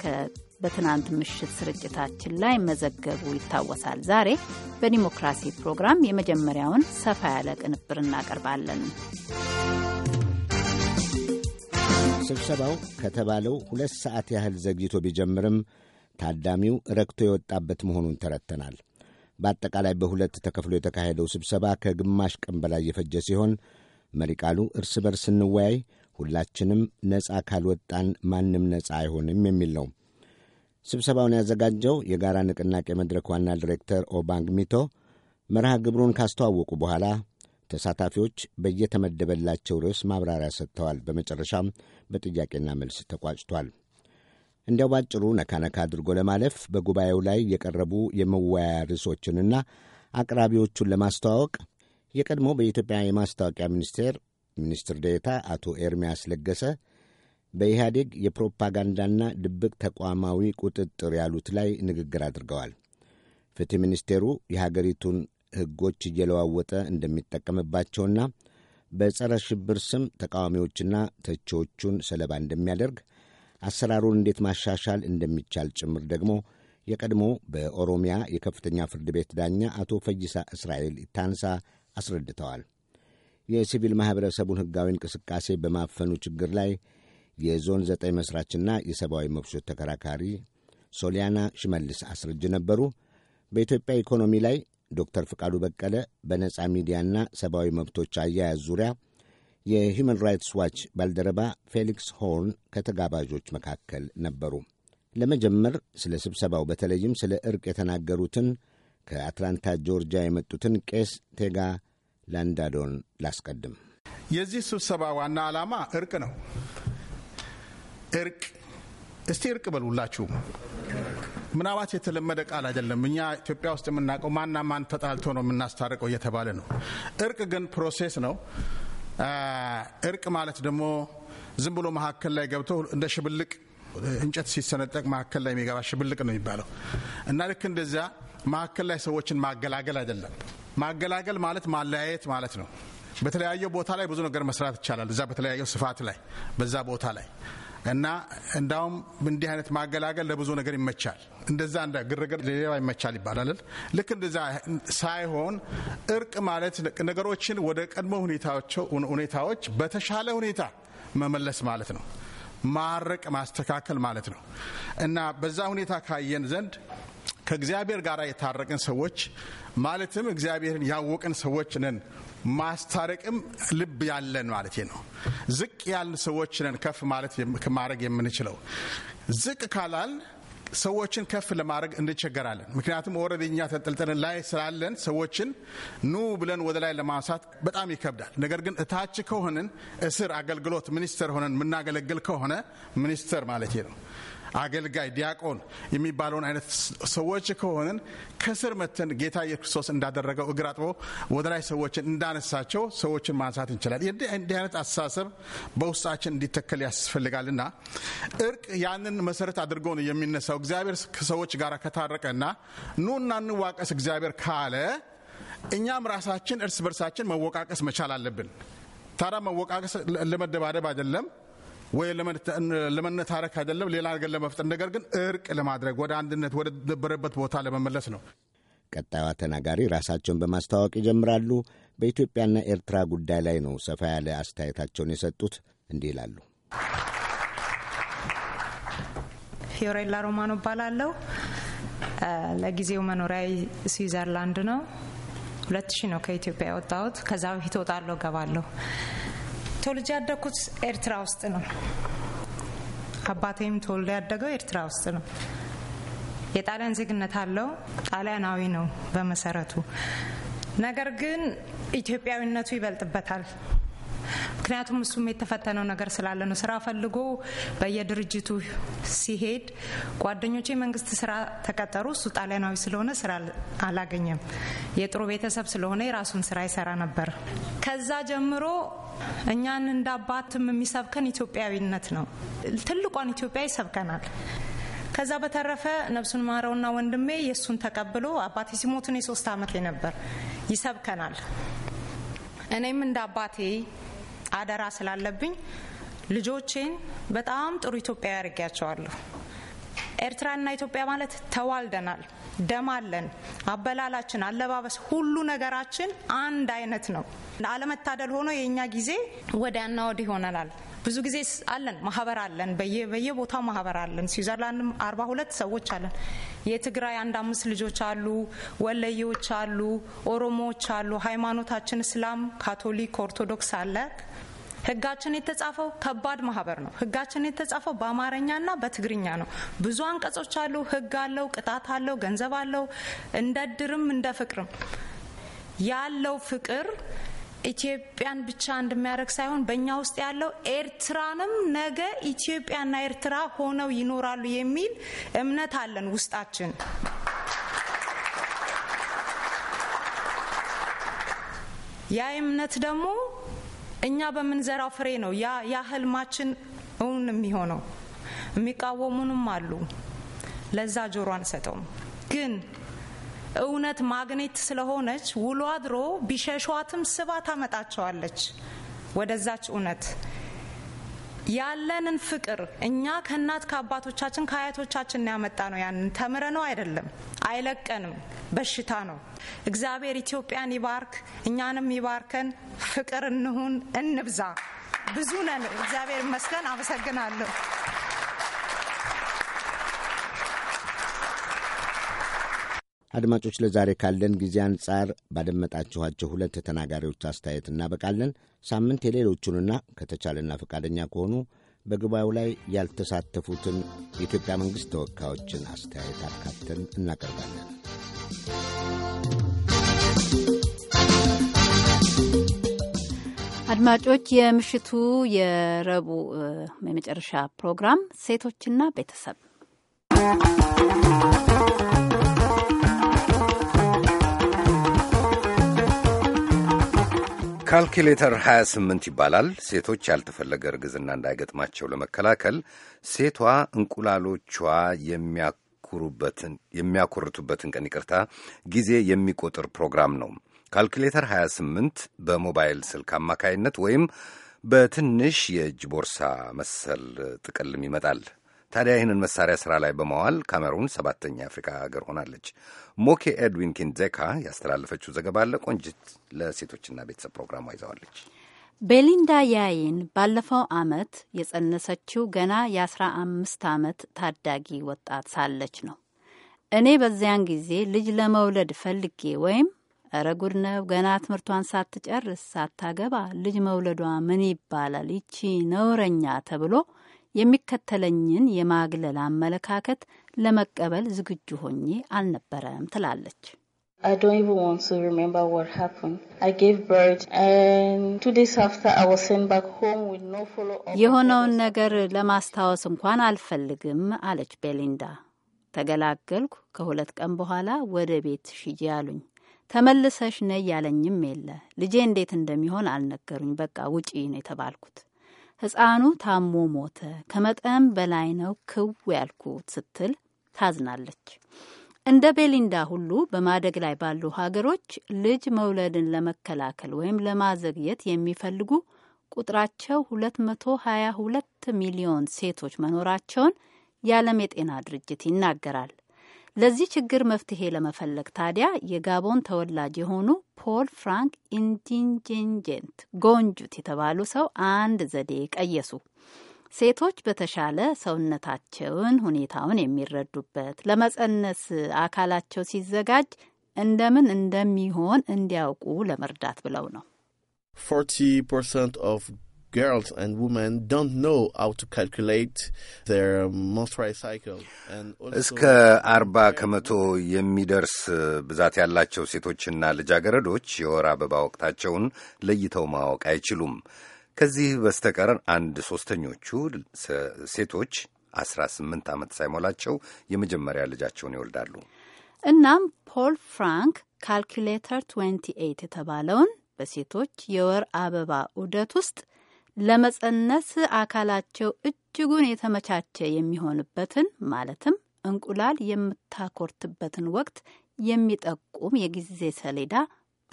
በትናንት ምሽት ስርጭታችን ላይ መዘገቡ ይታወሳል። ዛሬ በዲሞክራሲ ፕሮግራም የመጀመሪያውን ሰፋ ያለ ቅንብር እናቀርባለን። ስብሰባው ከተባለው ሁለት ሰዓት ያህል ዘግይቶ ቢጀምርም ታዳሚው ረክቶ የወጣበት መሆኑን ተረተናል። በአጠቃላይ በሁለት ተከፍሎ የተካሄደው ስብሰባ ከግማሽ ቀን በላይ የፈጀ ሲሆን መሪ ቃሉ እርስ በርስ እንወያይ ሁላችንም ነጻ ካልወጣን ማንም ነጻ አይሆንም የሚል ነው። ስብሰባውን ያዘጋጀው የጋራ ንቅናቄ መድረክ ዋና ዲሬክተር ኦባንግ ሚቶ መርሃ ግብሩን ካስተዋወቁ በኋላ ተሳታፊዎች በየተመደበላቸው ርዕስ ማብራሪያ ሰጥተዋል። በመጨረሻም በጥያቄና መልስ ተቋጭቷል። እንዲያው ባጭሩ ነካነካ አድርጎ ለማለፍ በጉባኤው ላይ የቀረቡ የመወያያ ርዕሶችንና አቅራቢዎቹን ለማስተዋወቅ የቀድሞ በኢትዮጵያ የማስታወቂያ ሚኒስቴር ሚኒስትር ዴኤታ አቶ ኤርሚያስ ለገሰ በኢህአዴግ የፕሮፓጋንዳና ድብቅ ተቋማዊ ቁጥጥር ያሉት ላይ ንግግር አድርገዋል። ፍትሕ ሚኒስቴሩ የሀገሪቱን ሕጎች እየለዋወጠ እንደሚጠቀምባቸውና በጸረ ሽብር ስም ተቃዋሚዎችና ተቺዎቹን ሰለባ እንደሚያደርግ አሰራሩን እንዴት ማሻሻል እንደሚቻል ጭምር ደግሞ የቀድሞ በኦሮሚያ የከፍተኛ ፍርድ ቤት ዳኛ አቶ ፈይሳ እስራኤል ታንሳ አስረድተዋል። የሲቪል ማኅበረሰቡን ሕጋዊ እንቅስቃሴ በማፈኑ ችግር ላይ የዞን ዘጠኝ መሥራችና የሰብአዊ መብቶች ተከራካሪ ሶሊያና ሽመልስ አስረጅ ነበሩ። በኢትዮጵያ ኢኮኖሚ ላይ ዶክተር ፍቃዱ በቀለ በነጻ ሚዲያና ሰብአዊ መብቶች አያያዝ ዙሪያ የሂውማን ራይትስ ዋች ባልደረባ ፌሊክስ ሆርን ከተጋባዦች መካከል ነበሩ። ለመጀመር ስለ ስብሰባው በተለይም ስለ ዕርቅ የተናገሩትን ከአትላንታ ጆርጂያ የመጡትን ቄስ ቴጋ ለአንዳዶን ላስቀድም። የዚህ ስብሰባ ዋና ዓላማ እርቅ ነው። እርቅ እስቲ እርቅ በሉላችሁ። ምናልባት የተለመደ ቃል አይደለም። እኛ ኢትዮጵያ ውስጥ የምናውቀው ማና ማን ተጣልቶ ነው የምናስታርቀው እየተባለ ነው። እርቅ ግን ፕሮሴስ ነው። እርቅ ማለት ደግሞ ዝም ብሎ መካከል ላይ ገብቶ እንደ ሽብልቅ እንጨት ሲሰነጠቅ መካከል ላይ የሚገባ ሽብልቅ ነው የሚባለው እና ልክ እንደዚያ መካከል ላይ ሰዎችን ማገላገል አይደለም። ማገላገል ማለት ማለያየት ማለት ነው። በተለያየ ቦታ ላይ ብዙ ነገር መስራት ይቻላል። እዛ በተለያየ ስፋት ላይ በዛ ቦታ ላይ እና እንዳውም እንዲህ አይነት ማገላገል ለብዙ ነገር ይመቻል። እንደዛ እንደ ግርግር ሌላ ይመቻል ይባላል። ልክ እንደዛ ሳይሆን እርቅ ማለት ነገሮችን ወደ ቀድሞ ሁኔታዎች በተሻለ ሁኔታ መመለስ ማለት ነው። ማረቅ ማስተካከል ማለት ነው እና በዛ ሁኔታ ካየን ዘንድ ከእግዚአብሔር ጋር የታረቅን ሰዎች ማለትም እግዚአብሔርን ያወቅን ሰዎች ነን። ማስታረቅም ልብ ያለን ማለት ነው። ዝቅ ያልን ሰዎች ነን። ከፍ ማለት ማድረግ የምንችለው ዝቅ ካላል ሰዎችን ከፍ ለማድረግ እንቸገራለን። ምክንያቱም ወረደኛ ተንጠልጠለን ላይ ስላለን ሰዎችን ኑ ብለን ወደ ላይ ለማንሳት በጣም ይከብዳል። ነገር ግን እታች ከሆንን እስር አገልግሎት ሚኒስተር ሆነን የምናገለግል ከሆነ ሚኒስተር ማለት ነው አገልጋይ፣ ዲያቆን የሚባለውን አይነት ሰዎች ከሆንን ከስር መተን ጌታ ኢየሱስ ክርስቶስ እንዳደረገው እግር አጥቦ ወደ ላይ ሰዎችን እንዳነሳቸው ሰዎችን ማንሳት እንችላል። እንዲህ አይነት አስተሳሰብ በውስጣችን እንዲተከል ያስፈልጋልና እርቅ ያንን መሰረት አድርጎ ነው የሚነሳው። እግዚአብሔር ከሰዎች ጋር ከታረቀና ኑና እንዋቀስ እግዚአብሔር ካለ እኛም ራሳችን እርስ በርሳችን መወቃቀስ መቻል አለብን። ታዲያ መወቃቀስ ለመደባደብ አይደለም። ወይ ለመነታረክ አይደለም፣ ሌላ ነገር ለመፍጠር ነገር ግን እርቅ ለማድረግ ወደ አንድነት ወደ ነበረበት ቦታ ለመመለስ ነው። ቀጣዩዋ ተናጋሪ ራሳቸውን በማስተዋወቅ ይጀምራሉ። በኢትዮጵያና ኤርትራ ጉዳይ ላይ ነው ሰፋ ያለ አስተያየታቸውን የሰጡት። እንዲህ ይላሉ። ፊዮሬላ ሮማኖ እባላለሁ። ለጊዜው መኖሪያ ስዊዘርላንድ ነው። ሁለት ሺ ነው ከኢትዮጵያ የወጣሁት። ከዛ በፊት ወጣለሁ ገባለሁ ተወልጄ ያደግኩት ኤርትራ ውስጥ ነው። አባቴም ተወልዶ ያደገው ኤርትራ ውስጥ ነው። የጣሊያን ዜግነት አለው። ጣሊያናዊ ነው በመሰረቱ። ነገር ግን ኢትዮጵያዊነቱ ይበልጥበታል። ምክንያቱም እሱም የተፈተነው ነገር ስላለ ነው። ስራ ፈልጎ በየድርጅቱ ሲሄድ ጓደኞቹ የመንግስት ስራ ተቀጠሩ። እሱ ጣሊያናዊ ስለሆነ ስራ አላገኘም። የጥሩ ቤተሰብ ስለሆነ የራሱን ስራ ይሰራ ነበር። ከዛ ጀምሮ እኛን እንደ አባትም የሚሰብከን ኢትዮጵያዊነት ነው። ትልቋን ኢትዮጵያ ይሰብከናል። ከዛ በተረፈ ነብሱን ማረውና ወንድሜ የእሱን ተቀብሎ አባቴ ሲሞቱን የሶስት አመቴ ነበር ይሰብከናል። እኔም እንደ አባቴ አደራ ስላለብኝ ልጆቼን በጣም ጥሩ ኢትዮጵያ ያደርጊያቸዋለሁ። ኤርትራና ኢትዮጵያ ማለት ተዋልደናል፣ ደም አለን፣ አበላላችን፣ አለባበስ፣ ሁሉ ነገራችን አንድ አይነት ነው። አለመታደል ሆኖ የእኛ ጊዜ ወዲያና ወዲህ ሆነናል። ብዙ ጊዜ አለን ማህበር አለን በየቦታው ማህበር አለን። ስዊዘርላንድ አርባ ሁለት ሰዎች አለን። የትግራይ አንድ አምስት ልጆች አሉ፣ ወለየዎች አሉ፣ ኦሮሞዎች አሉ። ሃይማኖታችን እስላም፣ ካቶሊክ፣ ኦርቶዶክስ አለ። ህጋችን የተጻፈው ከባድ ማህበር ነው። ህጋችን የተጻፈው በአማርኛና በትግርኛ ነው። ብዙ አንቀጾች አሉ። ህግ አለው፣ ቅጣት አለው፣ ገንዘብ አለው። እንደ ድርም እንደ ፍቅርም ያለው ፍቅር ኢትዮጵያን ብቻ እንደሚያደርግ ሳይሆን በእኛ ውስጥ ያለው ኤርትራንም ነገ ኢትዮጵያና ኤርትራ ሆነው ይኖራሉ የሚል እምነት አለን ውስጣችን። ያ እምነት ደግሞ እኛ በምንዘራው ፍሬ ነው። ያ ህልማችን እውን የሚሆነው። የሚቃወሙንም አሉ። ለዛ ጆሮ አንሰጠውም ግን እውነት ማግኔት ስለሆነች ውሎ አድሮ ቢሸሿትም ስባ ታመጣቸዋለች ወደዛች እውነት። ያለንን ፍቅር እኛ ከእናት ከአባቶቻችን ከአያቶቻችን ያመጣ ነው። ያንን ተምረ ነው አይደለም፣ አይለቀንም፣ በሽታ ነው። እግዚአብሔር ኢትዮጵያን ይባርክ፣ እኛንም ይባርከን። ፍቅር እንሁን፣ እንብዛ። ብዙ ነን፣ እግዚአብሔር ይመስገን። አመሰግናለሁ። አድማጮች ለዛሬ ካለን ጊዜ አንጻር ባደመጣችኋቸው ሁለት ተናጋሪዎች አስተያየት እናበቃለን። ሳምንት የሌሎቹንና ከተቻለና ፈቃደኛ ከሆኑ በጉባኤው ላይ ያልተሳተፉትን የኢትዮጵያ መንግሥት ተወካዮችን አስተያየት አካተን እናቀርባለን። አድማጮች የምሽቱ የረቡዕ የመጨረሻ ፕሮግራም ሴቶችና ቤተሰብ ካልኩሌተር 28 ይባላል። ሴቶች ያልተፈለገ እርግዝና እንዳይገጥማቸው ለመከላከል ሴቷ እንቁላሎቿ የሚያኮርቱበትን ቀን ይቅርታ ጊዜ የሚቆጥር ፕሮግራም ነው። ካልኩሌተር 28 በሞባይል ስልክ አማካይነት ወይም በትንሽ የእጅ ቦርሳ መሰል ጥቅልም ይመጣል። ታዲያ ይህንን መሳሪያ ሥራ ላይ በመዋል ካሜሩን ሰባተኛ የአፍሪካ ሀገር ሆናለች። ሞኬ ኤድዊን ኪንዜካ ያስተላለፈችው ዘገባ አለ። ቆንጅት ለሴቶችና ቤተሰብ ፕሮግራሟ ይዘዋለች። ቤሊንዳ ያይን ባለፈው አመት የጸነሰችው ገና የአስራ አምስት አመት ታዳጊ ወጣት ሳለች ነው። እኔ በዚያን ጊዜ ልጅ ለመውለድ ፈልጌ ወይም እረ ነው ገና ትምህርቷን ሳትጨርስ ሳታገባ ልጅ መውለዷ ምን ይባላል ይቺ ነውረኛ ተብሎ የሚከተለኝን የማግለል አመለካከት ለመቀበል ዝግጁ ሆኜ አልነበረም ትላለች። የሆነውን ነገር ለማስታወስ እንኳን አልፈልግም አለች ቤሊንዳ። ተገላገልኩ። ከሁለት ቀን በኋላ ወደ ቤት ሽጂ አሉኝ። ተመልሰሽ ነይ ያለኝም የለ። ልጄ እንዴት እንደሚሆን አልነገሩኝ። በቃ ውጪ ነው የተባልኩት። ሕፃኑ ታሞ ሞተ፣ ከመጠን በላይ ነው ክው ያልኩት ስትል ታዝናለች። እንደ ቤሊንዳ ሁሉ በማደግ ላይ ባሉ ሀገሮች ልጅ መውለድን ለመከላከል ወይም ለማዘግየት የሚፈልጉ ቁጥራቸው 222 ሚሊዮን ሴቶች መኖራቸውን የዓለም የጤና ድርጅት ይናገራል። ለዚህ ችግር መፍትሄ ለመፈለግ ታዲያ የጋቦን ተወላጅ የሆኑ ፖል ፍራንክ ኢንዲንጀንጀንት ጎንጁት የተባሉ ሰው አንድ ዘዴ ቀየሱ። ሴቶች በተሻለ ሰውነታቸውን ሁኔታውን የሚረዱበት ለመጸነስ አካላቸው ሲዘጋጅ እንደምን እንደሚሆን እንዲያውቁ ለመርዳት ብለው ነው። 40% of girls and women don't know how to calculate their menstrual cycle. እስከ አርባ ከመቶ የሚደርስ ብዛት ያላቸው ሴቶችና ልጃገረዶች የወር አበባ ወቅታቸውን ለይተው ማወቅ አይችሉም። ከዚህ በስተቀር አንድ ሶስተኞቹ ሴቶች አስራ ስምንት ዓመት ሳይሞላቸው የመጀመሪያ ልጃቸውን ይወልዳሉ። እናም ፖል ፍራንክ ካልኩሌተር 28 የተባለውን በሴቶች የወር አበባ ዑደት ውስጥ ለመጸነስ አካላቸው እጅጉን የተመቻቸ የሚሆንበትን ማለትም እንቁላል የምታኮርትበትን ወቅት የሚጠቁም የጊዜ ሰሌዳ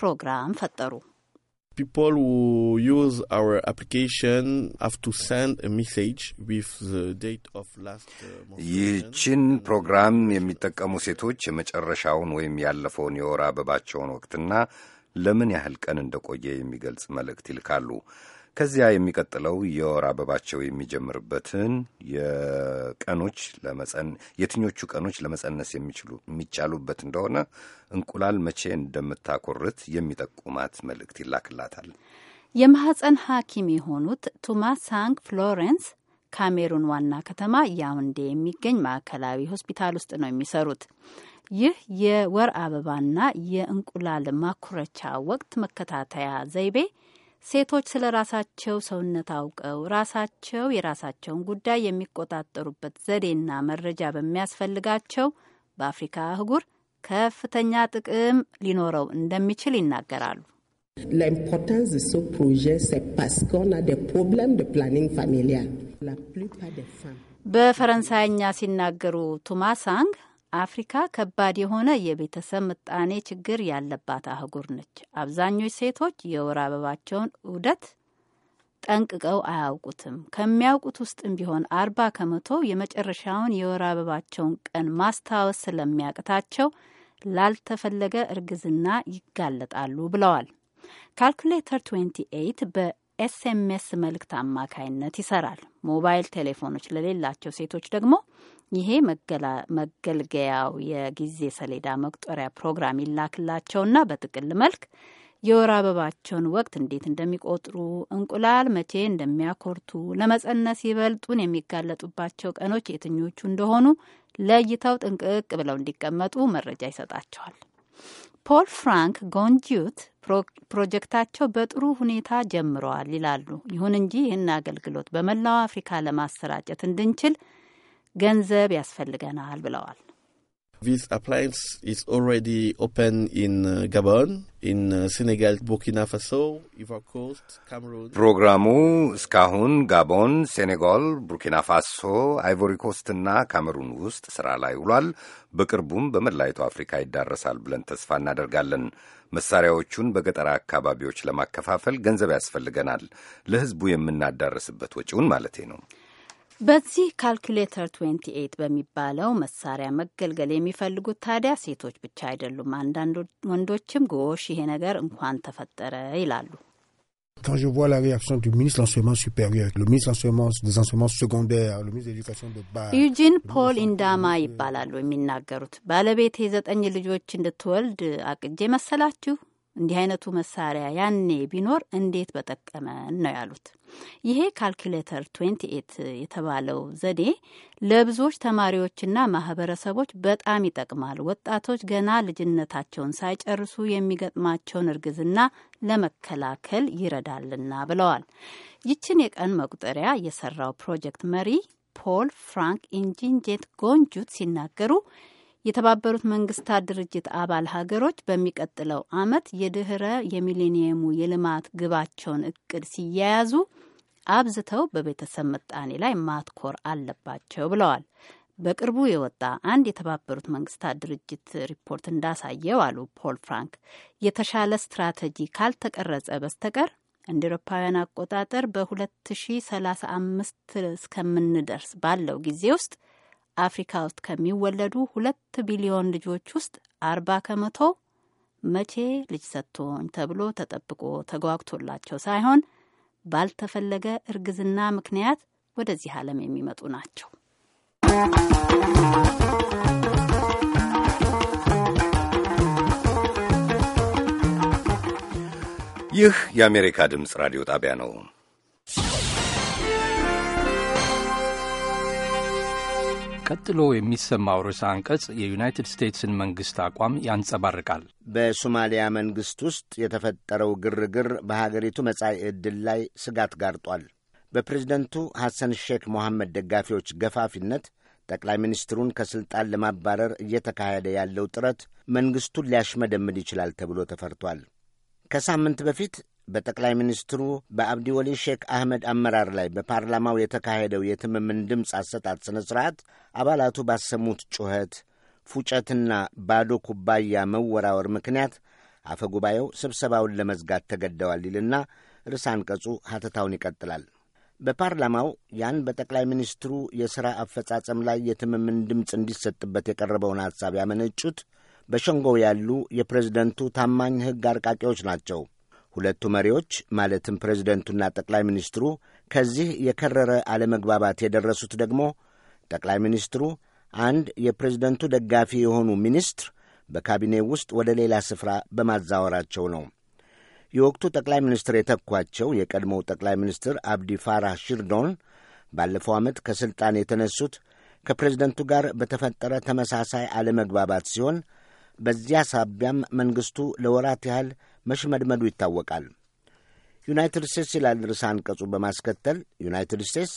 ፕሮግራም ፈጠሩ። uh, ይህችን ፕሮግራም የሚጠቀሙ ሴቶች የመጨረሻውን ወይም ያለፈውን የወር አበባቸውን ወቅትና ለምን ያህል ቀን እንደቆየ የሚገልጽ መልእክት ይልካሉ። ከዚያ የሚቀጥለው የወር አበባቸው የሚጀምርበትን የቀኖች ለመጸን የትኞቹ ቀኖች ለመጸነስ የሚችሉ የሚቻሉበት እንደሆነ እንቁላል መቼ እንደምታኮርት የሚጠቁማት መልእክት ይላክላታል። የማህፀን ሐኪም የሆኑት ቱማሳንግ ፍሎረንስ ካሜሩን ዋና ከተማ ያውንዴ የሚገኝ ማዕከላዊ ሆስፒታል ውስጥ ነው የሚሰሩት። ይህ የወር አበባና የእንቁላል ማኩረቻ ወቅት መከታተያ ዘይቤ ሴቶች ስለ ራሳቸው ሰውነት አውቀው ራሳቸው የራሳቸውን ጉዳይ የሚቆጣጠሩበት ዘዴና መረጃ በሚያስፈልጋቸው በአፍሪካ አህጉር ከፍተኛ ጥቅም ሊኖረው እንደሚችል ይናገራሉ። በፈረንሳይኛ ሲናገሩ ቱማሳንግ አፍሪካ ከባድ የሆነ የቤተሰብ ምጣኔ ችግር ያለባት አህጉር ነች። አብዛኞች ሴቶች የወር አበባቸውን ዑደት ጠንቅቀው አያውቁትም። ከሚያውቁት ውስጥም ቢሆን አርባ ከመቶ የመጨረሻውን የወር አበባቸውን ቀን ማስታወስ ስለሚያቅታቸው ላልተፈለገ እርግዝና ይጋለጣሉ ብለዋል። ካልኩሌተር 28 በኤስኤምኤስ መልእክት አማካይነት ይሰራል። ሞባይል ቴሌፎኖች ለሌላቸው ሴቶች ደግሞ ይሄ መገልገያው የጊዜ ሰሌዳ መቁጠሪያ ፕሮግራም ይላክላቸውና በጥቅል መልክ የወር አበባቸውን ወቅት እንዴት እንደሚቆጥሩ እንቁላል መቼ እንደሚያኮርቱ ለመፀነስ ይበልጡን የሚጋለጡባቸው ቀኖች የትኞቹ እንደሆኑ ለይተው ጥንቅቅ ብለው እንዲቀመጡ መረጃ ይሰጣቸዋል። ፖል ፍራንክ ጎንጂዩት ፕሮጀክታቸው በጥሩ ሁኔታ ጀምረዋል ይላሉ። ይሁን እንጂ ይህን አገልግሎት በመላው አፍሪካ ለማሰራጨት እንድንችል ገንዘብ ያስፈልገናል ብለዋል። This appliance is already open in uh, Gabon, in uh, Senegal, Burkina Faso, Ivory Coast, Cameroon. ፕሮግራሙ እስካሁን ጋቦን፣ ሴኔጋል፣ ቡርኪና ፋሶ፣ አይቮሪ ኮስትና ካሜሩን ውስጥ ሥራ ላይ ውሏል። በቅርቡም በመላይቱ አፍሪካ ይዳረሳል ብለን ተስፋ እናደርጋለን። መሳሪያዎቹን በገጠራ አካባቢዎች ለማከፋፈል ገንዘብ ያስፈልገናል። ለህዝቡ የምናዳረስበት ወጪውን ማለቴ ነው። በዚህ ካልኩሌተር 28 በሚባለው መሳሪያ መገልገል የሚፈልጉት ታዲያ ሴቶች ብቻ አይደሉም። አንዳንድ ወንዶችም ጎሽ ይሄ ነገር እንኳን ተፈጠረ ይላሉ። ዩጂን ፖል ኢንዳማ ይባላሉ የሚናገሩት። ባለቤቴ ዘጠኝ ልጆች እንድትወልድ አቅጄ መሰላችሁ እንዲህ አይነቱ መሳሪያ ያኔ ቢኖር እንዴት በጠቀመን ነው ያሉት። ይሄ ካልኩሌተር 28 የተባለው ዘዴ ለብዙዎች ተማሪዎችና ማህበረሰቦች በጣም ይጠቅማል። ወጣቶች ገና ልጅነታቸውን ሳይጨርሱ የሚገጥማቸውን እርግዝና ለመከላከል ይረዳልና ብለዋል። ይችን የቀን መቁጠሪያ የሰራው ፕሮጀክት መሪ ፖል ፍራንክ ኢንጂንጄት ጎንጁት ሲናገሩ የተባበሩት መንግስታት ድርጅት አባል ሀገሮች በሚቀጥለው አመት የድህረ የሚሌኒየሙ የልማት ግባቸውን እቅድ ሲያያዙ አብዝተው በቤተሰብ ምጣኔ ላይ ማትኮር አለባቸው ብለዋል። በቅርቡ የወጣ አንድ የተባበሩት መንግስታት ድርጅት ሪፖርት እንዳሳየው አሉ ፖል ፍራንክ የተሻለ ስትራቴጂ ካልተቀረጸ በስተቀር እንደ ኤሮፓውያን አቆጣጠር በ2035 እስከምንደርስ ባለው ጊዜ ውስጥ አፍሪካ ውስጥ ከሚወለዱ ሁለት ቢሊዮን ልጆች ውስጥ አርባ ከመቶ መቼ ልጅ ሰጥቶኝ ተብሎ ተጠብቆ ተጓጉቶላቸው ሳይሆን ባልተፈለገ እርግዝና ምክንያት ወደዚህ ዓለም የሚመጡ ናቸው። ይህ የአሜሪካ ድምፅ ራዲዮ ጣቢያ ነው። ቀጥሎ የሚሰማው ርዕሰ አንቀጽ የዩናይትድ ስቴትስን መንግሥት አቋም ያንጸባርቃል። በሶማሊያ መንግሥት ውስጥ የተፈጠረው ግርግር በሀገሪቱ መጻኢ ዕድል ላይ ስጋት ጋርጧል። በፕሬዝደንቱ ሐሰን ሼክ ሞሐመድ ደጋፊዎች ገፋፊነት ጠቅላይ ሚኒስትሩን ከሥልጣን ለማባረር እየተካሄደ ያለው ጥረት መንግሥቱን ሊያሽመደምድ ይችላል ተብሎ ተፈርቷል። ከሳምንት በፊት በጠቅላይ ሚኒስትሩ በአብዲ ወሊ ሼክ አህመድ አመራር ላይ በፓርላማው የተካሄደው የትምምን ድምፅ አሰጣጥ ሥነ ሥርዓት አባላቱ ባሰሙት ጩኸት፣ ፉጨትና ባዶ ኩባያ መወራወር ምክንያት አፈ ጉባኤው ስብሰባውን ለመዝጋት ተገደዋል ይልና ርዕሰ አንቀጹ ሐተታውን ይቀጥላል። በፓርላማው ያን በጠቅላይ ሚኒስትሩ የሥራ አፈጻጸም ላይ የትምምን ድምፅ እንዲሰጥበት የቀረበውን ሐሳብ ያመነጩት በሸንጎው ያሉ የፕሬዝደንቱ ታማኝ ሕግ አርቃቂዎች ናቸው። ሁለቱ መሪዎች ማለትም ፕሬዚደንቱና ጠቅላይ ሚኒስትሩ ከዚህ የከረረ አለመግባባት የደረሱት ደግሞ ጠቅላይ ሚኒስትሩ አንድ የፕሬዝደንቱ ደጋፊ የሆኑ ሚኒስትር በካቢኔ ውስጥ ወደ ሌላ ስፍራ በማዛወራቸው ነው። የወቅቱ ጠቅላይ ሚኒስትር የተኳቸው የቀድሞው ጠቅላይ ሚኒስትር አብዲ ፋራህ ሺርዶን ባለፈው ዓመት ከሥልጣን የተነሱት ከፕሬዝደንቱ ጋር በተፈጠረ ተመሳሳይ አለመግባባት ሲሆን በዚያ ሳቢያም መንግሥቱ ለወራት ያህል መሽመድመዱ ይታወቃል። ዩናይትድ ስቴትስ ይላል ርዕሰ አንቀጹ በማስከተል ዩናይትድ ስቴትስ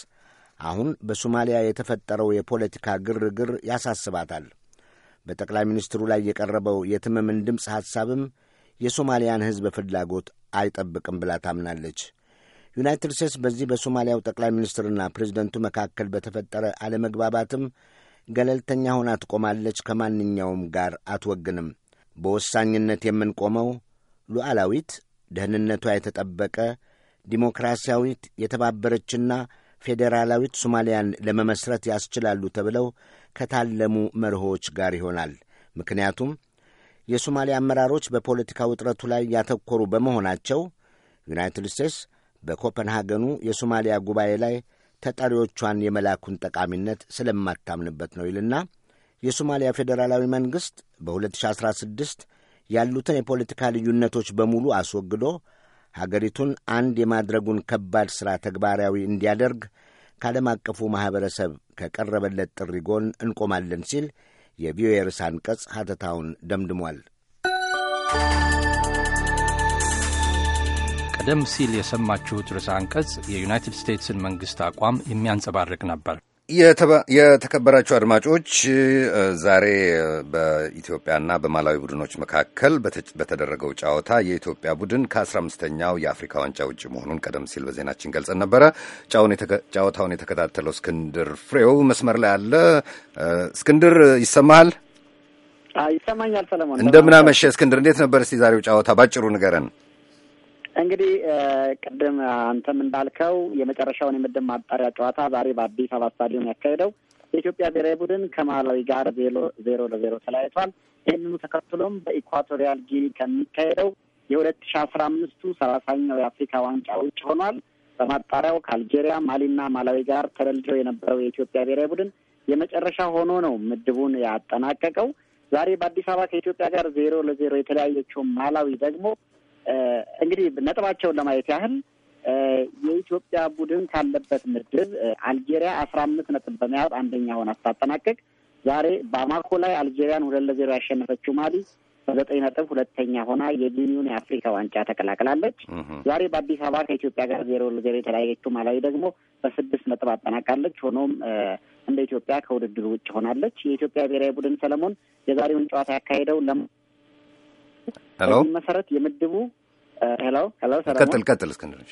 አሁን በሶማሊያ የተፈጠረው የፖለቲካ ግርግር ያሳስባታል። በጠቅላይ ሚኒስትሩ ላይ የቀረበው የትምምን ድምፅ ሐሳብም የሶማሊያን ሕዝብ ፍላጎት አይጠብቅም ብላ ታምናለች። ዩናይትድ ስቴትስ በዚህ በሶማሊያው ጠቅላይ ሚኒስትርና ፕሬዚደንቱ መካከል በተፈጠረ አለመግባባትም ገለልተኛ ሆና ትቆማለች፣ ከማንኛውም ጋር አትወግንም። በወሳኝነት የምንቆመው ሉዓላዊት፣ ደህንነቷ የተጠበቀ ዲሞክራሲያዊት፣ የተባበረችና ፌዴራላዊት ሶማሊያን ለመመስረት ያስችላሉ ተብለው ከታለሙ መርሆዎች ጋር ይሆናል። ምክንያቱም የሶማሊያ አመራሮች በፖለቲካ ውጥረቱ ላይ ያተኮሩ በመሆናቸው ዩናይትድ ስቴትስ በኮፐንሃገኑ የሶማሊያ ጉባኤ ላይ ተጠሪዎቿን የመላኩን ጠቃሚነት ስለማታምንበት ነው ይልና የሶማሊያ ፌዴራላዊ መንግሥት በ2016 ያሉትን የፖለቲካ ልዩነቶች በሙሉ አስወግዶ ሀገሪቱን አንድ የማድረጉን ከባድ ሥራ ተግባራዊ እንዲያደርግ ከዓለም አቀፉ ማኅበረሰብ ከቀረበለት ጥሪ ጎን እንቆማለን ሲል የቪኦኤ ርዕሰ አንቀጽ ሐተታውን ደምድሟል። ቀደም ሲል የሰማችሁት ርዕሰ አንቀጽ የዩናይትድ ስቴትስን መንግሥት አቋም የሚያንጸባርቅ ነበር። የተከበራችሁ አድማጮች ዛሬ በኢትዮጵያና በማላዊ ቡድኖች መካከል በተደረገው ጨዋታ የኢትዮጵያ ቡድን ከ 15 የአፍሪካ ዋንጫ ውጭ መሆኑን ቀደም ሲል በዜናችን ገልጸን ነበረ። ጨዋታውን የተከታተለው እስክንድር ፍሬው መስመር ላይ አለ። እስክንድር ይሰማሃል? ይሰማኛል ሰለሞን። እንደምናመሸ እስክንድር፣ እንዴት ነበር? እስቲ ዛሬው ጨዋታ ባጭሩ ንገረን። እንግዲህ ቅድም አንተም እንዳልከው የመጨረሻውን የምድብ ማጣሪያ ጨዋታ ዛሬ በአዲስ አበባ ስታዲዮም ያካሄደው የኢትዮጵያ ብሔራዊ ቡድን ከማላዊ ጋር ዜሮ ለዜሮ ተለያይቷል። ይህንኑ ተከትሎም በኢኳቶሪያል ጊኒ ከሚካሄደው የሁለት ሺ አስራ አምስቱ ሰላሳኛው የአፍሪካ ዋንጫ ውጭ ሆኗል። በማጣሪያው ከአልጄሪያ ማሊና ማላዊ ጋር ተደልጆ የነበረው የኢትዮጵያ ብሔራዊ ቡድን የመጨረሻ ሆኖ ነው ምድቡን ያጠናቀቀው። ዛሬ በአዲስ አበባ ከኢትዮጵያ ጋር ዜሮ ለዜሮ የተለያየችው ማላዊ ደግሞ እንግዲህ ነጥባቸውን ለማየት ያህል የኢትዮጵያ ቡድን ካለበት ምድብ አልጄሪያ አስራ አምስት ነጥብ በመያዝ አንደኛ ሆና ስታጠናቀቅ ዛሬ ባማኮ ላይ አልጄሪያን ሁለት ለዜሮ ያሸነፈችው ማሊ በዘጠኝ ነጥብ ሁለተኛ ሆና የጊኒውን የአፍሪካ ዋንጫ ተቀላቅላለች። ዛሬ በአዲስ አበባ ከኢትዮጵያ ጋር ዜሮ ለዜሮ የተለያየችው ማላዊ ደግሞ በስድስት ነጥብ አጠናቃለች። ሆኖም እንደ ኢትዮጵያ ከውድድሩ ውጭ ሆናለች። የኢትዮጵያ ብሔራዊ ቡድን ሰለሞን የዛሬውን ጨዋታ ያካሄደው ለ ሄሎ መሰረት የምድቡ ሄሎ ሄሎ ቀጥል ቀጥል እስክንድር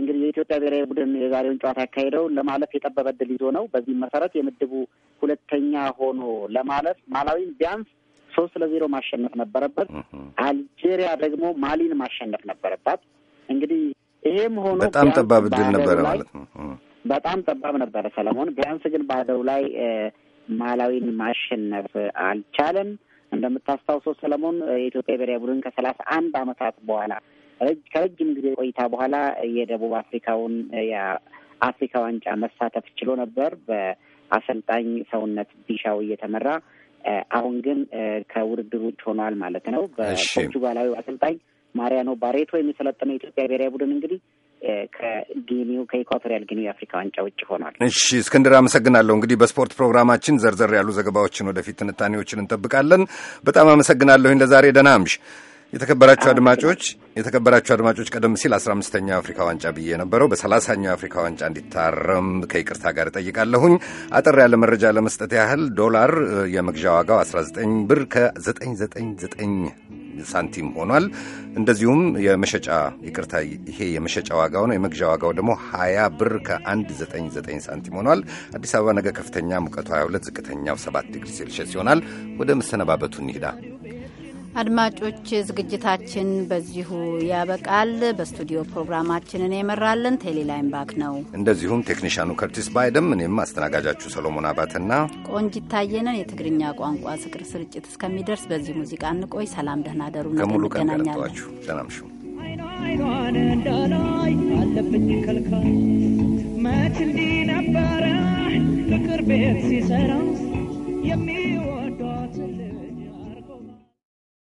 እንግዲህ የኢትዮጵያ ብሔራዊ ቡድን የዛሬውን ጨዋታ ያካሄደው ለማለፍ የጠበበ እድል ይዞ ነው። በዚህም መሰረት የምድቡ ሁለተኛ ሆኖ ለማለፍ ማላዊን ቢያንስ ሶስት ለዜሮ ማሸነፍ ነበረበት። አልጄሪያ ደግሞ ማሊን ማሸነፍ ነበረባት። እንግዲህ ይሄም ሆኖ በጣም ጠባብ እድል ነበረ ማለት ነው። በጣም ጠባብ ነበረ ሰለሞን። ቢያንስ ግን በአደሩ ላይ ማላዊን ማሸነፍ አልቻለም። እንደምታስታውሰው ሰለሞን የኢትዮጵያ ብሔራዊ ቡድን ከሰላሳ አንድ አመታት በኋላ ከረጅም ጊዜ ቆይታ በኋላ የደቡብ አፍሪካውን የአፍሪካ ዋንጫ መሳተፍ ችሎ ነበር በአሰልጣኝ ሰውነት ቢሻው እየተመራ። አሁን ግን ከውድድር ውጭ ሆኗል ማለት ነው። በፖርቹጋላዊ አሰልጣኝ ማሪያኖ ባሬቶ የሚሰለጥነው የኢትዮጵያ ብሔራዊ ቡድን እንግዲህ ከጊኒው ከኢኳቶሪያል ጊኒ የአፍሪካ ዋንጫ ውጭ ሆኗል። እሺ እስክንድር አመሰግናለሁ። እንግዲህ በስፖርት ፕሮግራማችን ዘርዘር ያሉ ዘገባዎችን ወደፊት ትንታኔዎችን እንጠብቃለን። በጣም አመሰግናለሁኝ። ለዛሬ ደህና አምሽ። የተከበራችሁ አድማጮች የተከበራችሁ አድማጮች ቀደም ሲል አስራ አምስተኛው የአፍሪካ ዋንጫ ብዬ የነበረው በሰላሳኛው የአፍሪካ ዋንጫ እንዲታረም ከይቅርታ ጋር እጠይቃለሁኝ። አጠር ያለ መረጃ ለመስጠት ያህል ዶላር የመግዣ ዋጋው 19 ብር ከ999 ሳንቲም ሆኗል። እንደዚሁም የመሸጫ ይቅርታ፣ ይሄ የመሸጫ ዋጋው ነው። የመግዣ ዋጋው ደግሞ 20 ብር ከ199 ሳንቲም ሆኗል። አዲስ አበባ ነገ ከፍተኛ ሙቀቱ 22፣ ዝቅተኛው 7 ዲግሪ ሴልሽስ ይሆናል። ወደ መሰነባበቱ እንሂዳ። አድማጮች ዝግጅታችን በዚሁ ያበቃል። በስቱዲዮ ፕሮግራማችንን የመራልን ቴሌላይም ባክ ነው። እንደዚሁም ቴክኒሻኑ ከርቲስ ባይደም፣ እኔም አስተናጋጃችሁ ሰሎሞን አባትና ቆንጂት ታየነን። የትግርኛ ቋንቋ ስቅር ስርጭት እስከሚደርስ በዚህ ሙዚቃ እንቆይ። ሰላም፣ ደህና ደሩ። ከሙሉ ቀን ያለጠዋችሁ ደህናምሹ አለብኝ ከልካይ መች እንዲህ ነበረ ፍቅር ቤት ሲሰራ የሚወ